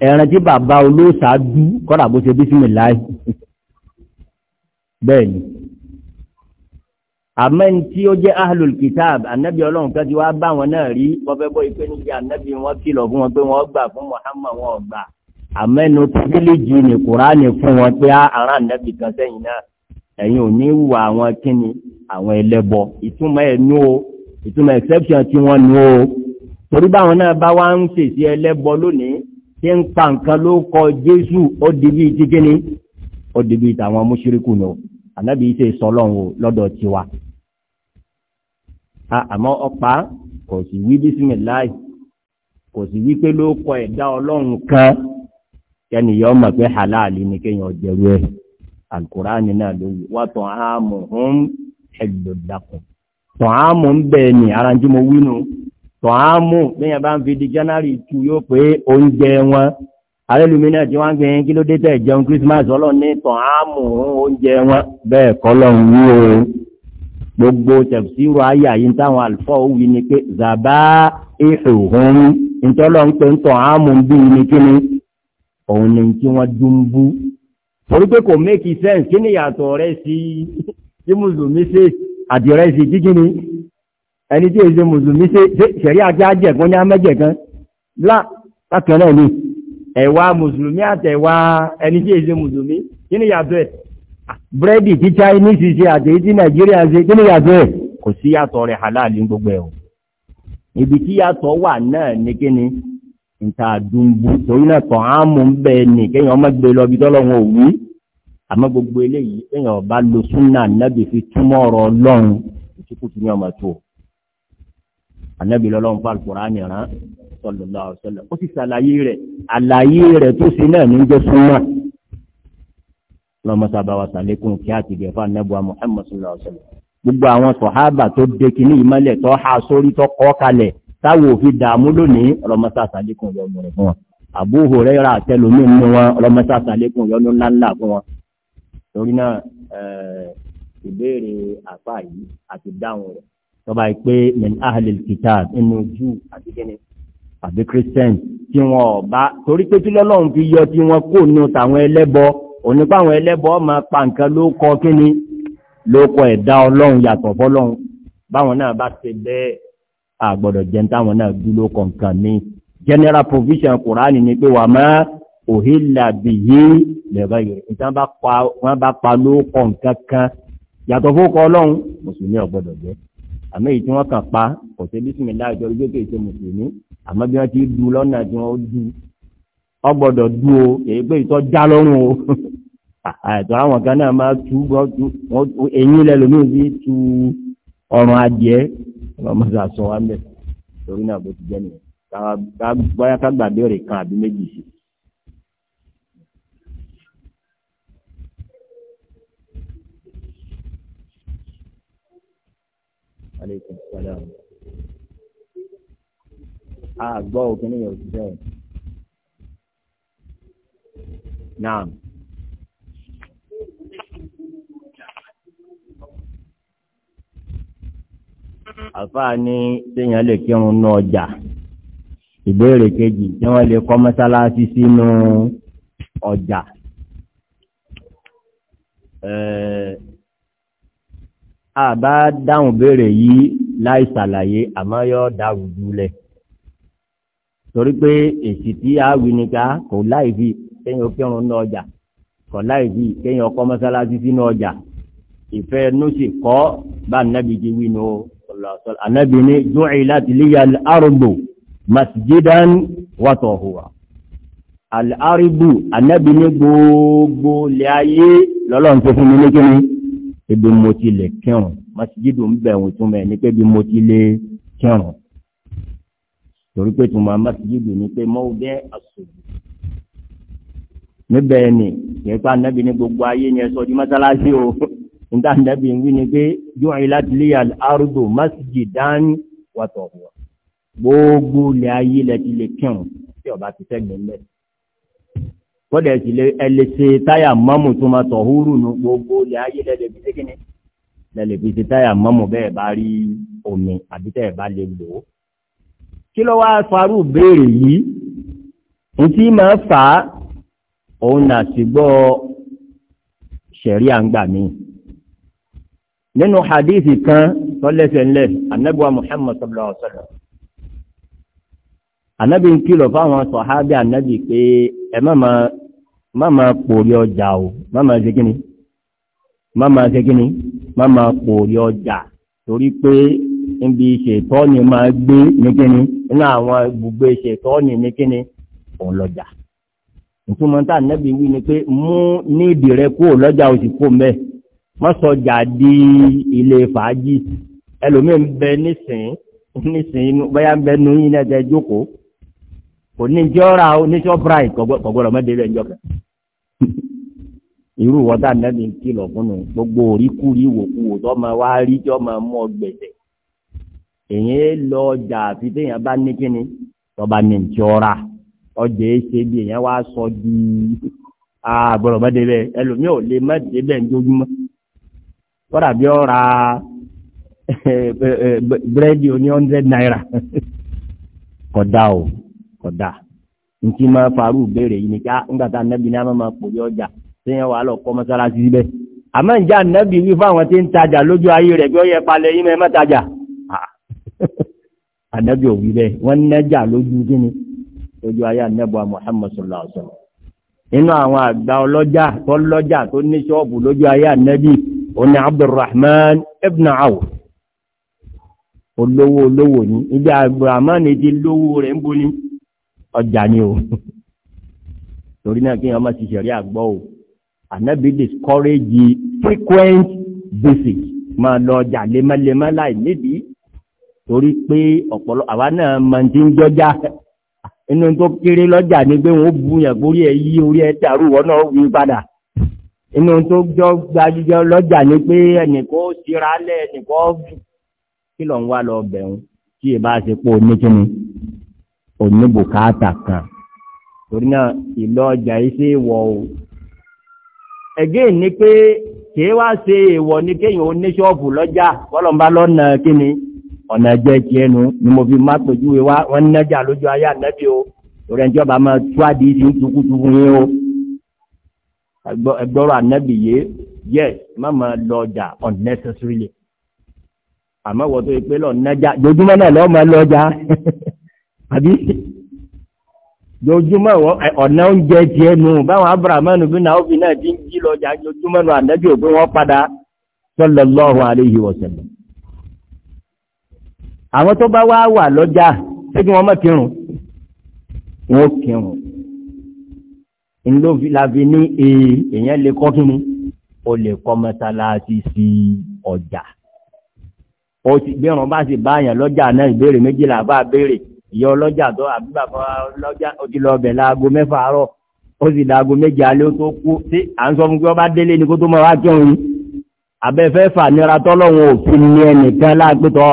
ẹran tí bàbá olóòsà dú kọ́dà bó ṣe bísímìláì bẹ́ẹ̀ni àmọ́ ní tí ó jẹ́ ahlul kitab anabi ọlọ́run kan ti wá bá wọn náà rí wọ́n fẹ́ bọ́ ìpè níbi anabi wọn kìlọ̀ fún wọn pé wọ́n gbà fún muhammad wọn gbà àmọ́ ẹnu pírílíjì ní kuraani fún wọn pé ara anabi kan sẹ́yìn náà ẹ̀yin ò ní wà àwọn kíni àwọn ẹlẹ́bọ ìtumọ̀ ẹ̀ o ìtumọ̀ exception tí wọ́n nú o torí báwọn náà bá wá ń ṣèṣe ẹlẹ́bọ lónìí tí ń pa nǹkan ló kọ jésù ó di bíi ti ó di tàwọn mùṣírikù nù ànábì ṣe sọlọ́run lọ́dọ̀ tiwa. àmọ́ ọ̀pá kò sì wí bísímìláì kò sì wí pé ló kọ ẹ̀dá ọlọ́run kan kẹ́nìyàn mọ̀ pé halali ni kéèyàn jẹ̀rú ẹ̀ alukurani náà wá ń ń tọ́hámù lẹ́yìn bá ń fi dictionary tu yóò pé oúnjẹ wọn alẹ́lùmínà tí wọ́n ń gbẹ̀yìn kí ló dé tẹ̀ jẹun Christmas ọlọ́run ní tọ́hámù oúnjẹ wọn bẹ́ẹ̀ kọ́lọ́run wí o gbogbo tẹ̀síwò ayà yìí táwọn àlùfọ́ òwì ni pé zàbá ìhùhùn ìtọ́lọ́ ń pè ń tọ́hámù bí ni kíni òun ni tí wọ́n dúnbú torí pé kò make sense kí ni ìyàtọ̀ rẹ̀ sí tí mùsùlùmí ṣe àdìrẹ́sì kíkíni ẹni tí èsè mùsùlùmí ṣe ṣẹ̀rí àti ajẹ̀kan ní amẹ́jẹ̀kan lákànnà ní ẹ̀wà mùsùlùmí àtẹ̀wà ẹni tí èsè mùsùlùmí kí ni yàtọ̀ ẹ̀ tí Chinese ṣe àti tí Nàìjíríà ṣe kí ni yàtọ̀ ẹ̀ kò sí yàtọ̀ rẹ̀ halal gbogbo ibi tí yàtọ̀ wà náà kí ni nta dùnbù torí náà tàn án ń bẹ ní kéèyàn ọmọ gbé lọ bí tọ́lọ́run ò àmọ́ gbogbo eléyìí kéèyàn ọba lo súnà nábì fi túmọ̀ ọ̀rọ̀ Ọlọ́run anabi lọ́lọ́run pa alukurani rán sallallahu alaihi wasallam ó sì ṣàlàyé rẹ̀ àlàyé rẹ̀ tó ṣe náà ní jẹ́ súnmọ́ lọ́mọ́sá wa sàlékún kí á ti gẹ̀ fún anábùwà muhammad sallallahu alaihi wasallam gbogbo àwọn sọ̀hábà tó dé kínní ìmọ̀lẹ̀ tó há sórí tó kọ́ kalẹ̀ táwọn òfin dààmú lónìí lọ́mọ́sá sàlékún yọnu rẹ̀ fún wọn Abu Hurairah àtẹlómi nínú wọn lọ́mọ́sá sàlékún yọnu ńláńlá fún wọn torí náà eh, ìbéèrè àfáà yìí àti dáhùn rẹ̀ tọ́ba yìí pé min ahlil kitab inú jù àti kíni àbí christian tí wọn bá torí pé kí lọ́lọ́run fi yọ tí wọn kò nu tàwọn ẹlẹ́bọ onípa àwọn ẹlẹ́bọ máa pa nǹkan ló kọ kíni ló kọ ẹ̀dá ọlọ́run yàtọ̀ fọlọ́run báwọn náà bá ṣe bẹ́ẹ̀ àgbọ̀dọ̀ jẹun táwọn náà dúró kọ̀ọ̀kan ní general provision kùránì ni pé wà má òhìlà bìyí lẹ́gbẹ̀ẹ́ yìí ìtàn bá pa ló kọ̀ nǹkan kan yàtọ̀ fún ọlọ́run mùsùlùmí ọ̀gbọ́dọ̀ jẹ́ àmọ́ èyí tí wọ́n kàn pa kò ṣe bísímìlá ìjọ orí gbẹ́kẹ̀ ṣe mùsùlùmí àmọ́ bí wọ́n ti du lọ́nà tí wọ́n du ọ gbọ́dọ̀ du o èyí pé ìtọ́ já lọ́rùn o àìtọ́ àwọn kan náà máa tú gbọ́ tú eyín lẹ́lòmíì sí tu ọrùn adìẹ ọlọ́mọdé àsọ wa mẹ́ torí náà bó ti jẹ́ nìyẹn ká gbọ́yá ká kan àbí méjì sí i. aleykum salaam. a gbọ́ òkìní àfáà ní lè kírun ọjà ìbéèrè kejì tí lè sínú ọjà. àbá dáhùn béèrè yìí láì ṣàlàyé àmọ́ yọ dàrú jùlẹ̀ torí pé èsì tí a wí ni ká kò láì fi kéèyàn kírun ní ọjà kò láì fi kéèyàn ọkọ mọ́sálásí sínú ọjà ìfẹ́ inú kọ́ bá nàbì ti wí nu ànábì ní ju'ilat liya al-ardu masjidan wa tahura al-ardu ànábì ní gbogbo lè ayé lọ́lọ́run tó fún mi ní kíni ebi mo ti lè kírun masijidu ń bẹ̀ wò túnbẹ̀ ní pé bí mo ti lè kírun torí pé tùmọ̀ masijidu ní pé mọ́ bẹ́ àsòjù níbẹ̀ ni kẹ́kọ́ anábì ní gbogbo ayé ni ẹ sọ di mọ́sálásí o <laughs> níta anábì ń wí ni pé yóò ayé láti lé àrùdò masijidan wàtọ̀ gbogbo ilẹ̀ ayé lẹ ti lè kírun tí ọba ti fẹ́ gbẹ̀ mẹ́rin kọ́dẹ̀ sì lè ẹlẹ́sẹ̀ táyà mọ́mù tó máa tọ̀ húrù nu gbogbo lè ayé lẹ́lẹ̀ fi ṣe kíni lẹ́lẹ̀ fi ṣe táyà mọ́mù bẹ́ẹ̀ bá rí omi àbí tẹ́ẹ̀ bá lè lò ó. kí ló wáá farú béèrè yìí n tí máa fà á òun nà sí gbọ́ ṣẹ̀rí àǹgbà mi. nínú hadithi kan tọ́lẹ́sẹ̀ ńlẹ̀ anábíwá muhammad sallallahu alaihi ànábì ń kìlọ̀ fáwọn sọ̀hábí ànábì pé ẹ máma pòrí ọjà o máma ṣe kíni máma ṣe kíni máma pòrí ọjà torí pé níbi ṣètọ́ni máa gbé ní kíni nínú àwọn ibùgbé ni ní kíni òun lọ́jà ìtumọ̀ tá ànábì wí ni pé mú ní ìdí rẹ kúrò lọ́jà o sì kó mẹ́ mọ́sọ̀jà di ilé fàájì ẹlòmíín bẹ nísìnyí nísìnyí bóyá ń bẹ nínú yín náà tẹ jókòó oníjọ́ra oníṣọ́brai kọ̀gbọ́dọ̀ mẹ́tẹ́lẹ̀ ńjọ́ kan <laughs> irú wọ́tá nẹ́bí ń kìlọ̀ fún un gbogbo oríkúrí ìwòkuwò tó máa wá rí tí ọmọ mú ọgbẹ̀dẹ̀ èyàn lọ ọjà àfi téèyàn bá ní kíni tọba ní ìjọra ọjà èsè bí èyàn wá sọ di àgbọ̀dọ̀ mẹ́tẹ́lẹ̀ ẹlòmíì ò lè mẹ́tẹ́lẹ̀ ńjọ́júmọ́ kọ́dà bí ó ra <laughs> eh, eh, eh, búrẹ́dì oní hundred naira <laughs> kódà o. kọ̀dá ntí máa faru béèrè yìí ni ká ńgbà tá nẹ́bí ní a máa pò ọjà sẹ́yìn wàá lọ kọ́ mọ́sálásí síbẹ̀ àmọ́ ìjà wí fáwọn tí ń tajà lójú ayé rẹ̀ bí ó yẹ palẹ̀ yìí mẹ́ẹ́ mẹ́tajà ah. <laughs> ànẹ́bí ò wí bẹ́ẹ̀ wọ́n nẹ́jà lójú kíni lójú ayé Muhammad sallallahu alaihi inú àwọn àgbà ọlọ́jà tó lọ́jà tó ní lójú ayé Abdulrahman ibn olówó ibi ti lówó rẹ̀ ń ọjà ni o torí náà kéèyàn má ti ṣẹ̀rí àgbọ̀ o ànábì discourage frequent visit máa lọ ọjà lemọ́lemọ́ láì nídìí torí pé ọ̀pọ̀lọ àwa náà máa ti ń jọjà inú tó kéré lọ́jà ni pé wọ́n bu yàn borí ẹ̀ yí orí ẹ̀ dàrú wọn náà wí padà inú tó jọ gbajúgbọ́ lọ́jà ni pé ẹnìkan ó sira lẹ̀ ẹnìkan ó kí lọ́n wá lọ bẹ̀rù tí ì bá ṣe pé ní kíni oníbùkátà kan torí náà ìlọ ọjà yìí ṣe wọ o ẹgẹ ní pé kìí wá ṣe èèwọ̀ ní kéèyàn oníṣọ́ọ̀bù lọ́jà bọ́lọ̀mbá lọ́nà kíni ọ̀nà jẹ́ ti ẹnu ni mo fi má pèjúwe wá wọ́n nájà lójú ayé ànábì o torí ẹni tí ọba máa tú àdìí ti ń tukutu fún yín o ẹgbọ́rọ̀ ànábì yìí yes má máa lọ ọjà unnecessarily àmọ́ wọ́n tó yẹ pé lọ́ọ̀ nájà jojúmọ́ náà lọ́ọ́ máa lọ ọjà <laughs> àbí jojúmọ́ ọ̀nà oúnjẹ ti ẹnu báwọn abrahamu bí náà òbí náà ti ń jí lọ́jà jojúmọ́ nù ànábì òpin wọn padà sallallahu alayhi wa sallam. àwọn tó bá wá wà lọ́jà ṣéjú wọn mọ̀ kírun wọn ó kírun ńlọ́fìlàfi ní èèyàn lè kọ́ kínní o lè kọ́ mọ́sálásí sí ọjà ó ti gbẹ̀rún bá sì bá àyàn lọ́jà náà ìbéèrè méjìlá bá ìyá ọlọ́jà tó àbí bàbá ọlọ́jà ó ti lọ bẹ̀ láago mẹ́fà àárọ̀ ó sì láago méje alẹ́ ó tó kú sí à ń sọ fún kí wọ́n bá délé ni kó tó mọ̀ wá kí òun abẹ́fẹ́ fànira tọ́lọ́run òfin ni ẹnìkan láàgbétọ́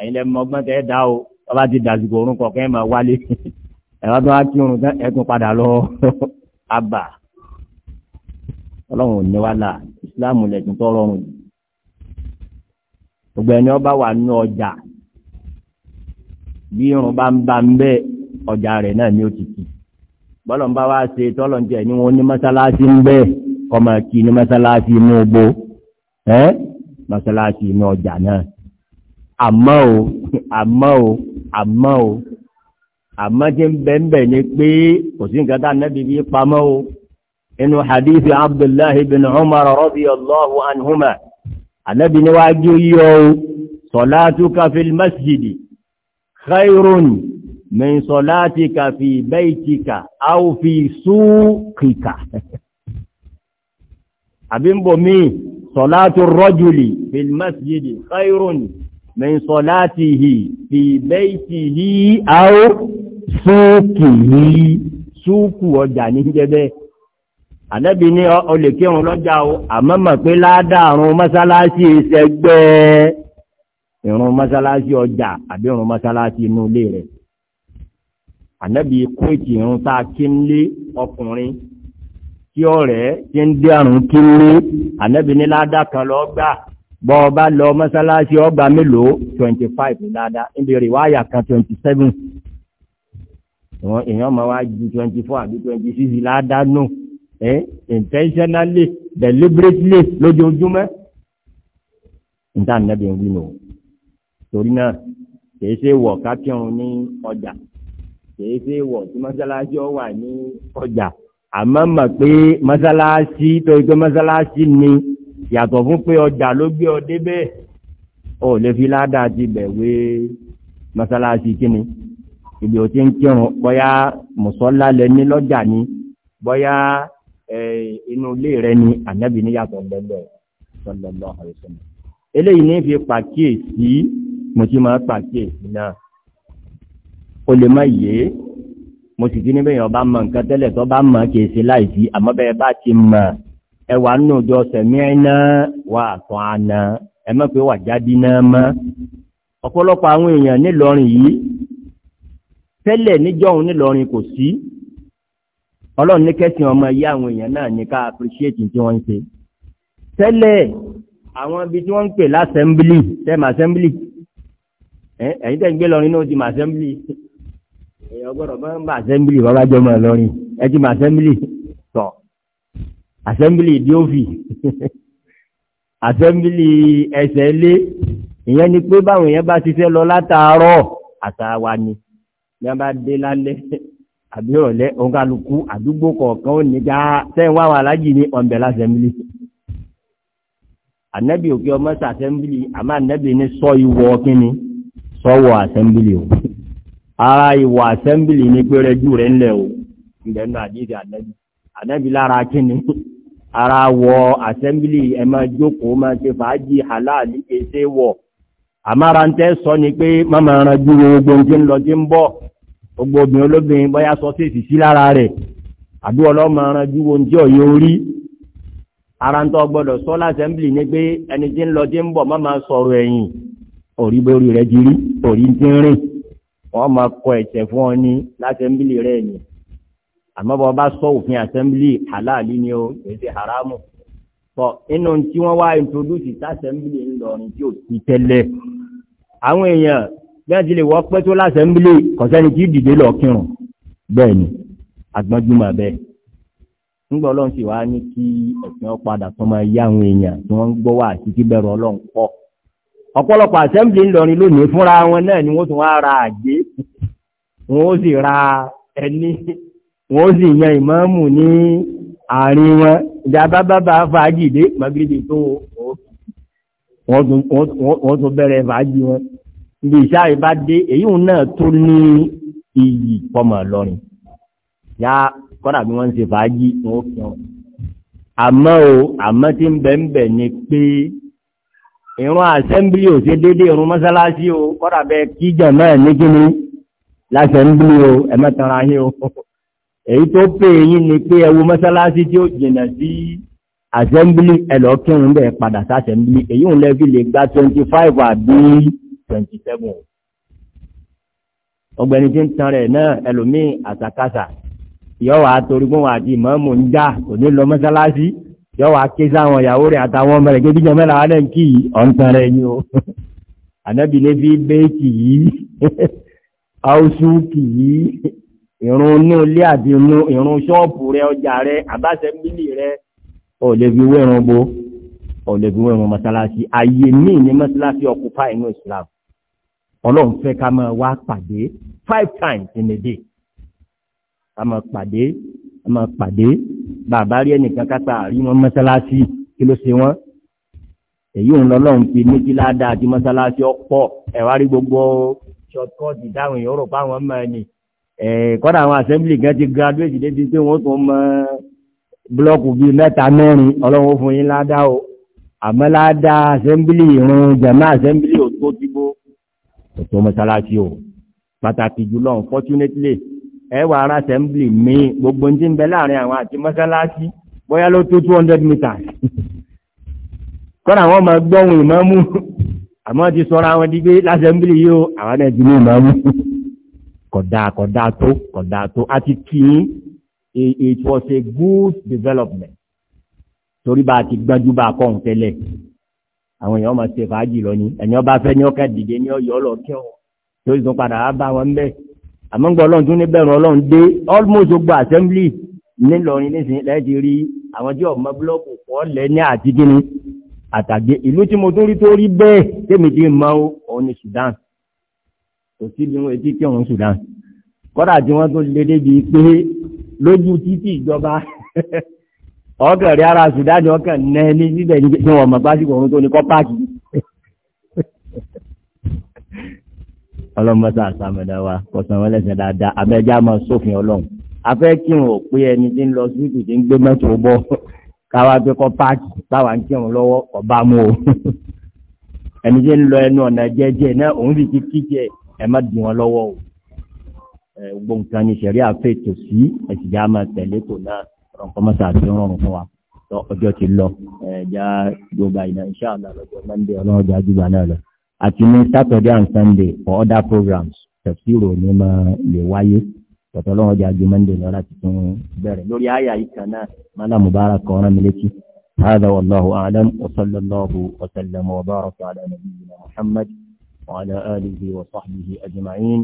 ẹ̀yin lẹ́mọ ọgbọ́n tẹ́ dá o wọ́n bá ti dàsìkò orun kọ̀ọ̀kan ẹ̀ máa wálé <laughs> ẹ̀rọ tó wá kí orun tán ẹ̀tún padà lọ <laughs> abà ọlọ́run ò ní wá là ìsìláàmù lẹ̀sìn tọ́lọ́run gbogbo ẹni ọba wà nínú ọjà bí irun bá ń bá ń bẹ ọjà rẹ̀ náà ni ó ti kì bọ́lọ̀ ń bá wá ṣe tọ́lọ̀ ń jẹ ní wọn ní mọ́sálásí ń bẹ ọmọ kì ní mọ́sálásí inú ogbó ẹ́ mọ́sálásí inú ọjà náà àmọ́ o àmọ́ o àmọ́ o àmọ́ tí ń bẹ ń bẹ ni pé kò sí nǹkan tá a nẹ́bi bí pamọ́ o inú hadithi abdullahi bin umar radiyallahu anhuma anabi ni wàá jó yíyọ o salatuka fil masjidi khairun min salatika fi baitika aw fi suqika <laughs> àbímbò míì salatu rajuli fil masjidi khairun min salatihi fi baitihi aw suqihi súùkù ọjà ní jẹ́bẹ́ ànábì ní ọlẹ̀kẹ́rùn lọ́jà o àmọ́ mọ̀ pé ládàrún mọ́sálásí ìrun mọ́sálásí ọjà àbí ìrun mọ́sálásí inú ilé rẹ̀ ànábì kúrètì ìrun tá a kí ń lé ọkùnrin tí ọ̀rẹ́ tí ń dé àrùn kí ń lé ànábì ní ládàá kan lọ gbà bọ́ ọ lọ mọ́sálásí ọgbà mélòó twenty five ládàá níbi rìwáyà kan twenty seven èèyàn máa wá ju twenty four àbí twenty six ládàá nù ẹ́ intentionally deliberately lójoojúmọ́ níta ànábì ń wí nù torí náà kìí ṣe wọ̀ kákírun ní ọjà kìí ṣe wọ̀ tí mọ́sálásí ọ wà ní ọjà àmọ́ mọ̀ pé mọ́sálásí tó yẹ pé mọ́sálásí ni yàtọ̀ fún pé ọjà ló gbé ọ débẹ̀ ọ lè fi ládàá ti bẹ̀ wé mọ́sálásí kíni ibi ò ti ń kírun bóyá mùsọ́lá lẹ ní lọ́jà ni bóyá inú ilé rẹ ni ànábì níyàtọ̀ bẹ́ẹ̀ bẹ́ẹ̀ sallallahu alaihi eléyìí ní fi pàkíyèsí mo ti máa pàkíyèsí náà o lè má yé mo sì ti ní bẹ́ẹ̀ yẹn ọba mọ nǹkan tẹ́lẹ̀ tó bá mọ kìí ṣe láìsí àmọ́ bẹ́ẹ̀ bá ti mọ ẹwà nínú ọjọ́ sẹ̀mí ẹ̀ná wà àtọ̀ àná ẹ mọ̀ pé wà jáde náà mọ́ ọ̀pọ̀lọpọ̀ àwọn èèyàn nílọrin yìí tẹ́lẹ̀ níjọ́hun nílọrin kò sí ọlọ́run ní kẹ́sìn ọmọ yí àwọn èèyàn náà ní ká apírísíètì tí wọ́n ń ṣe tẹ́lẹ̀ àwọn ibi tí wọ́n ń pè lásẹ̀mbílì tẹ́mà sẹ́mbílì ẹ̀yin tẹ́ ń gbé lọrin náà ti mà sẹ́ńbìlì èèyàn gbọ́dọ̀ bá ń bá sẹ́ńbìlì bàbá jọ mọ̀ lọrin ẹ ti mà sẹ́ńbìlì tọ̀ àsẹ́ńbìlì díòfì àsẹ́ńbìlì ẹsẹ̀ lé ìyẹn ni pé báwọn èèyàn bá ṣiṣẹ́ lọ látàárọ̀ àtàwà ni bí wọ́n bá dé lálẹ́ <laughs> àbí ọ̀lẹ́ ọ̀gáluku àdúgbò kọ̀ọ̀kan ò ní já sẹ́yìn wá wà lájì ní ọ̀nbẹ̀ lásẹ̀mílì ànẹ́bì òkè ọmọ sàsẹ́mílì àmọ́ ànẹ́bì ní sọ ìwọ kínni tọ́wọ́ assembly o ara ìwà assembly ní pé rẹjú rẹ̀ ńlẹ̀ o ìgbẹ́nu àdídì ànẹ́bí ànẹ́bí lára kíni ara wọ assembly ẹ máa jókòó ṣe fàájì halali èsè wọ àmára ń tẹ́ sọ ni pé máma ranjú gbogbo tí ń lọ tí ń bọ̀ gbogbo obìnrin olóbìnrin bọ́yá sọ sí ìsìsí lára rẹ̀ ọlọ́mọ orí ara ń tọ́ gbọ́dọ̀ ni pé ẹni tí ń lọ tí ń bọ̀ sọ̀rọ̀ orí borí rẹ̀ ti rí orí ti ń rìn wọ́n máa kọ ẹ̀sẹ̀ fún ọ ní lásẹ̀mbílì rẹ̀ ni àmọ́ bọ́ bá sọ òfin àsẹ́mbílì halali ni o èsì haramu tọ́ inú tí wọ́n wá introduce sásẹ́mbílì ńlọrin tí ò ti tẹ́lẹ̀ àwọn èèyàn bí wọ́n ti lè wọ́ pẹ́ tó lásẹ̀mbílì kọ̀sẹ́ni tí dìde lọ kírun bẹ́ẹ̀ ni agbọ́njúmọ̀ bẹ́ẹ̀ ńgbọ́ ọlọ́run sì wá ní kí ẹ̀sìn ọ tó máa yá àwọn èèyàn tí wọ́n ń gbọ́ wá àti kí bẹ̀rù ọlọ́run pọ̀ ọ̀pọ̀lọpọ̀ assembly ńlọrin lónìí fúnra wọn náà ni wọ́n tún wá ra àgbé wọ́n ó sì ra ẹni wọ́n ó sì yan ìmáàmù ní àárín wọn ìjàmbá bábá fàájì dé magidi tó wọ́n tún bẹ̀rẹ̀ fàájì wọn ibi ìṣá ìbá dé èyí náà tó ní iyì pọmọ lọrin yá kọ́dà bí wọ́n ń ṣe fàájì wọn fi hàn àmọ́ o àmọ́ tí ń bẹ̀ ń bẹ̀ ni pé ìrún assembly ò ṣe dédé ìrún mọ́sálásí o kọ́dà bẹ kí jẹ̀mọ́ ẹ̀ ní kíni lásẹ̀mbly o ẹ̀mẹ́tara yín o èyí tó pè yín ni pé ẹwu mọ́sálásí tí ó jìnà sí assembly ẹlọ́kírun bẹ́ẹ̀ padà sí assembly èyí ń lẹ́bí lè gba twenty five àbí twenty seven ọgbẹ́ni tí ń tan rẹ̀ náà ẹlòmíì àtàkàtà yọ̀wá torí gbọ́n àti ìmọ̀ọ́mù ń já kò ní lọ mọ́sálásí yọ́ wà ké sáwọn ìyàwó rẹ̀ àtàwọn ọmọ rẹ̀ gẹ́gẹ́ <laughs> bí jẹmẹ́ra wà lẹ́n kí ọ̀ntàn rẹ̀ ni o ànábì lè fi bẹ́ẹ̀kì yìí <laughs> áúsùkì yìí ìrún inú ilé àti ìrún ṣọ́ọ̀pù rẹ̀ ọjà rẹ̀ àbáṣẹ mílì rẹ̀ ò lè bo ò lè fi ayé míì ní mọ́sálásí ọkùpá inú Islam ọlọ́run fẹ́ ká máa wá pàdé five times in a day ká máa pàdé a máa pàdé bàbá rí ẹnìkan kápá rí wọn mọ́sálásí kí ló ṣe wọ́n èyí ń lọ́lọ́run fi méjì ládàá àti mọ́sálásí ọ̀pọ̀ ẹ̀wá rí gbogbo ṣọtkọ́ọ̀tì dáhùn èèyàn rò páwọn mọ̀ ẹni kọ́dà àwọn assembly kan ti graduate débi pé wọ́n tún mọ blọ́ọ̀kù bíi mẹ́ta mẹ́rin ọlọ́run fún yín ládàá o àmọ́ ládàá assembly ìrun jẹ̀mọ́ assembly ò tó ti ètò mọ́sálásí o pàtàkì jùlọ unfortunately ẹwà ara assembly mi gbogbo ń ti ń bẹ láàrin àwọn àti mọ́sálásí bóyá ló tó two meters <laughs> kọ́nà àwọn ọmọ gbọ́hùn ìmámù <laughs> àmọ́ ti sọ́ra àwọn di pé yóò àwọn náà ti ní ìmámù kódà <laughs> kódà tó kódà tó a ti kí i it was a good development torí bá a ti gbájú bá a kọ́hún tẹ́lẹ̀ àwọn èèyàn máa ṣe fàájì lọ ni ẹ̀yàn bá fẹ́ ní ọkẹ́ dìde ní ọyọ́ lọ kí ọ àmọ́ ń gbọ́ ọlọ́run tún níbẹ̀rù ọlọ́run dé almost gbogbo assembly ńlọrin nísìnyí lẹ́yìn ti rí àwọn tí ọmọ búlọ́ọ̀kù kọ́ lẹ́ ní àti kíni àtàgé ìlú tí mo tún rí tó rí bẹ́ẹ̀ tèmi ti mọ òun ní Sudan kò sí bí wọn etí tí òun Sudan kọ́dà tí wọ́n tún lé débi pé lójú títì ìjọba <laughs> ọkàn rí ara Sudan ọkàn náà ní síbẹ̀ ní wọn mọ̀ pásítọ̀ òun tó ní kọ́ páàkì ọlọ́mọta àsàmẹ̀dá wa kọ̀sán wọn lẹ́sẹ̀ dáadáa abẹ́já máa sófin ọlọ́run afẹ́ kírun ò pé ẹni tí ń lọ síbi tí ń gbé mẹ́tò bọ́ káwa pé kọ́ páàkì táwa ń kírun lọ́wọ́ ọba mú o <laughs> ẹni tí ń lọ ẹnu ọ̀nà jẹ́jẹ́ náà òun sì ti kíjẹ ẹ má dì wọn lọ́wọ́ o gbogbo nǹkan ni sẹ̀rí àfẹ́ tò sí ẹ̀sìn já máa tẹ̀lé tò náà ọ̀nkọ́mọ́sà àti rọrùn àti ní Saturday and Sunday for other programs tẹ̀síìrò ní máa lè wáyé tọ̀tọ̀ lọ́wọ́ jẹ́ àjò Monday lọ́la ti tún bẹ̀rẹ̀ lórí àyà yìí kan náà mọ́lá Mubarak ọ̀ràn mi létí هذا والله أعلم وصلى الله وسلم وبارك على نبينا محمد وعلى آله وصحبه أجمعين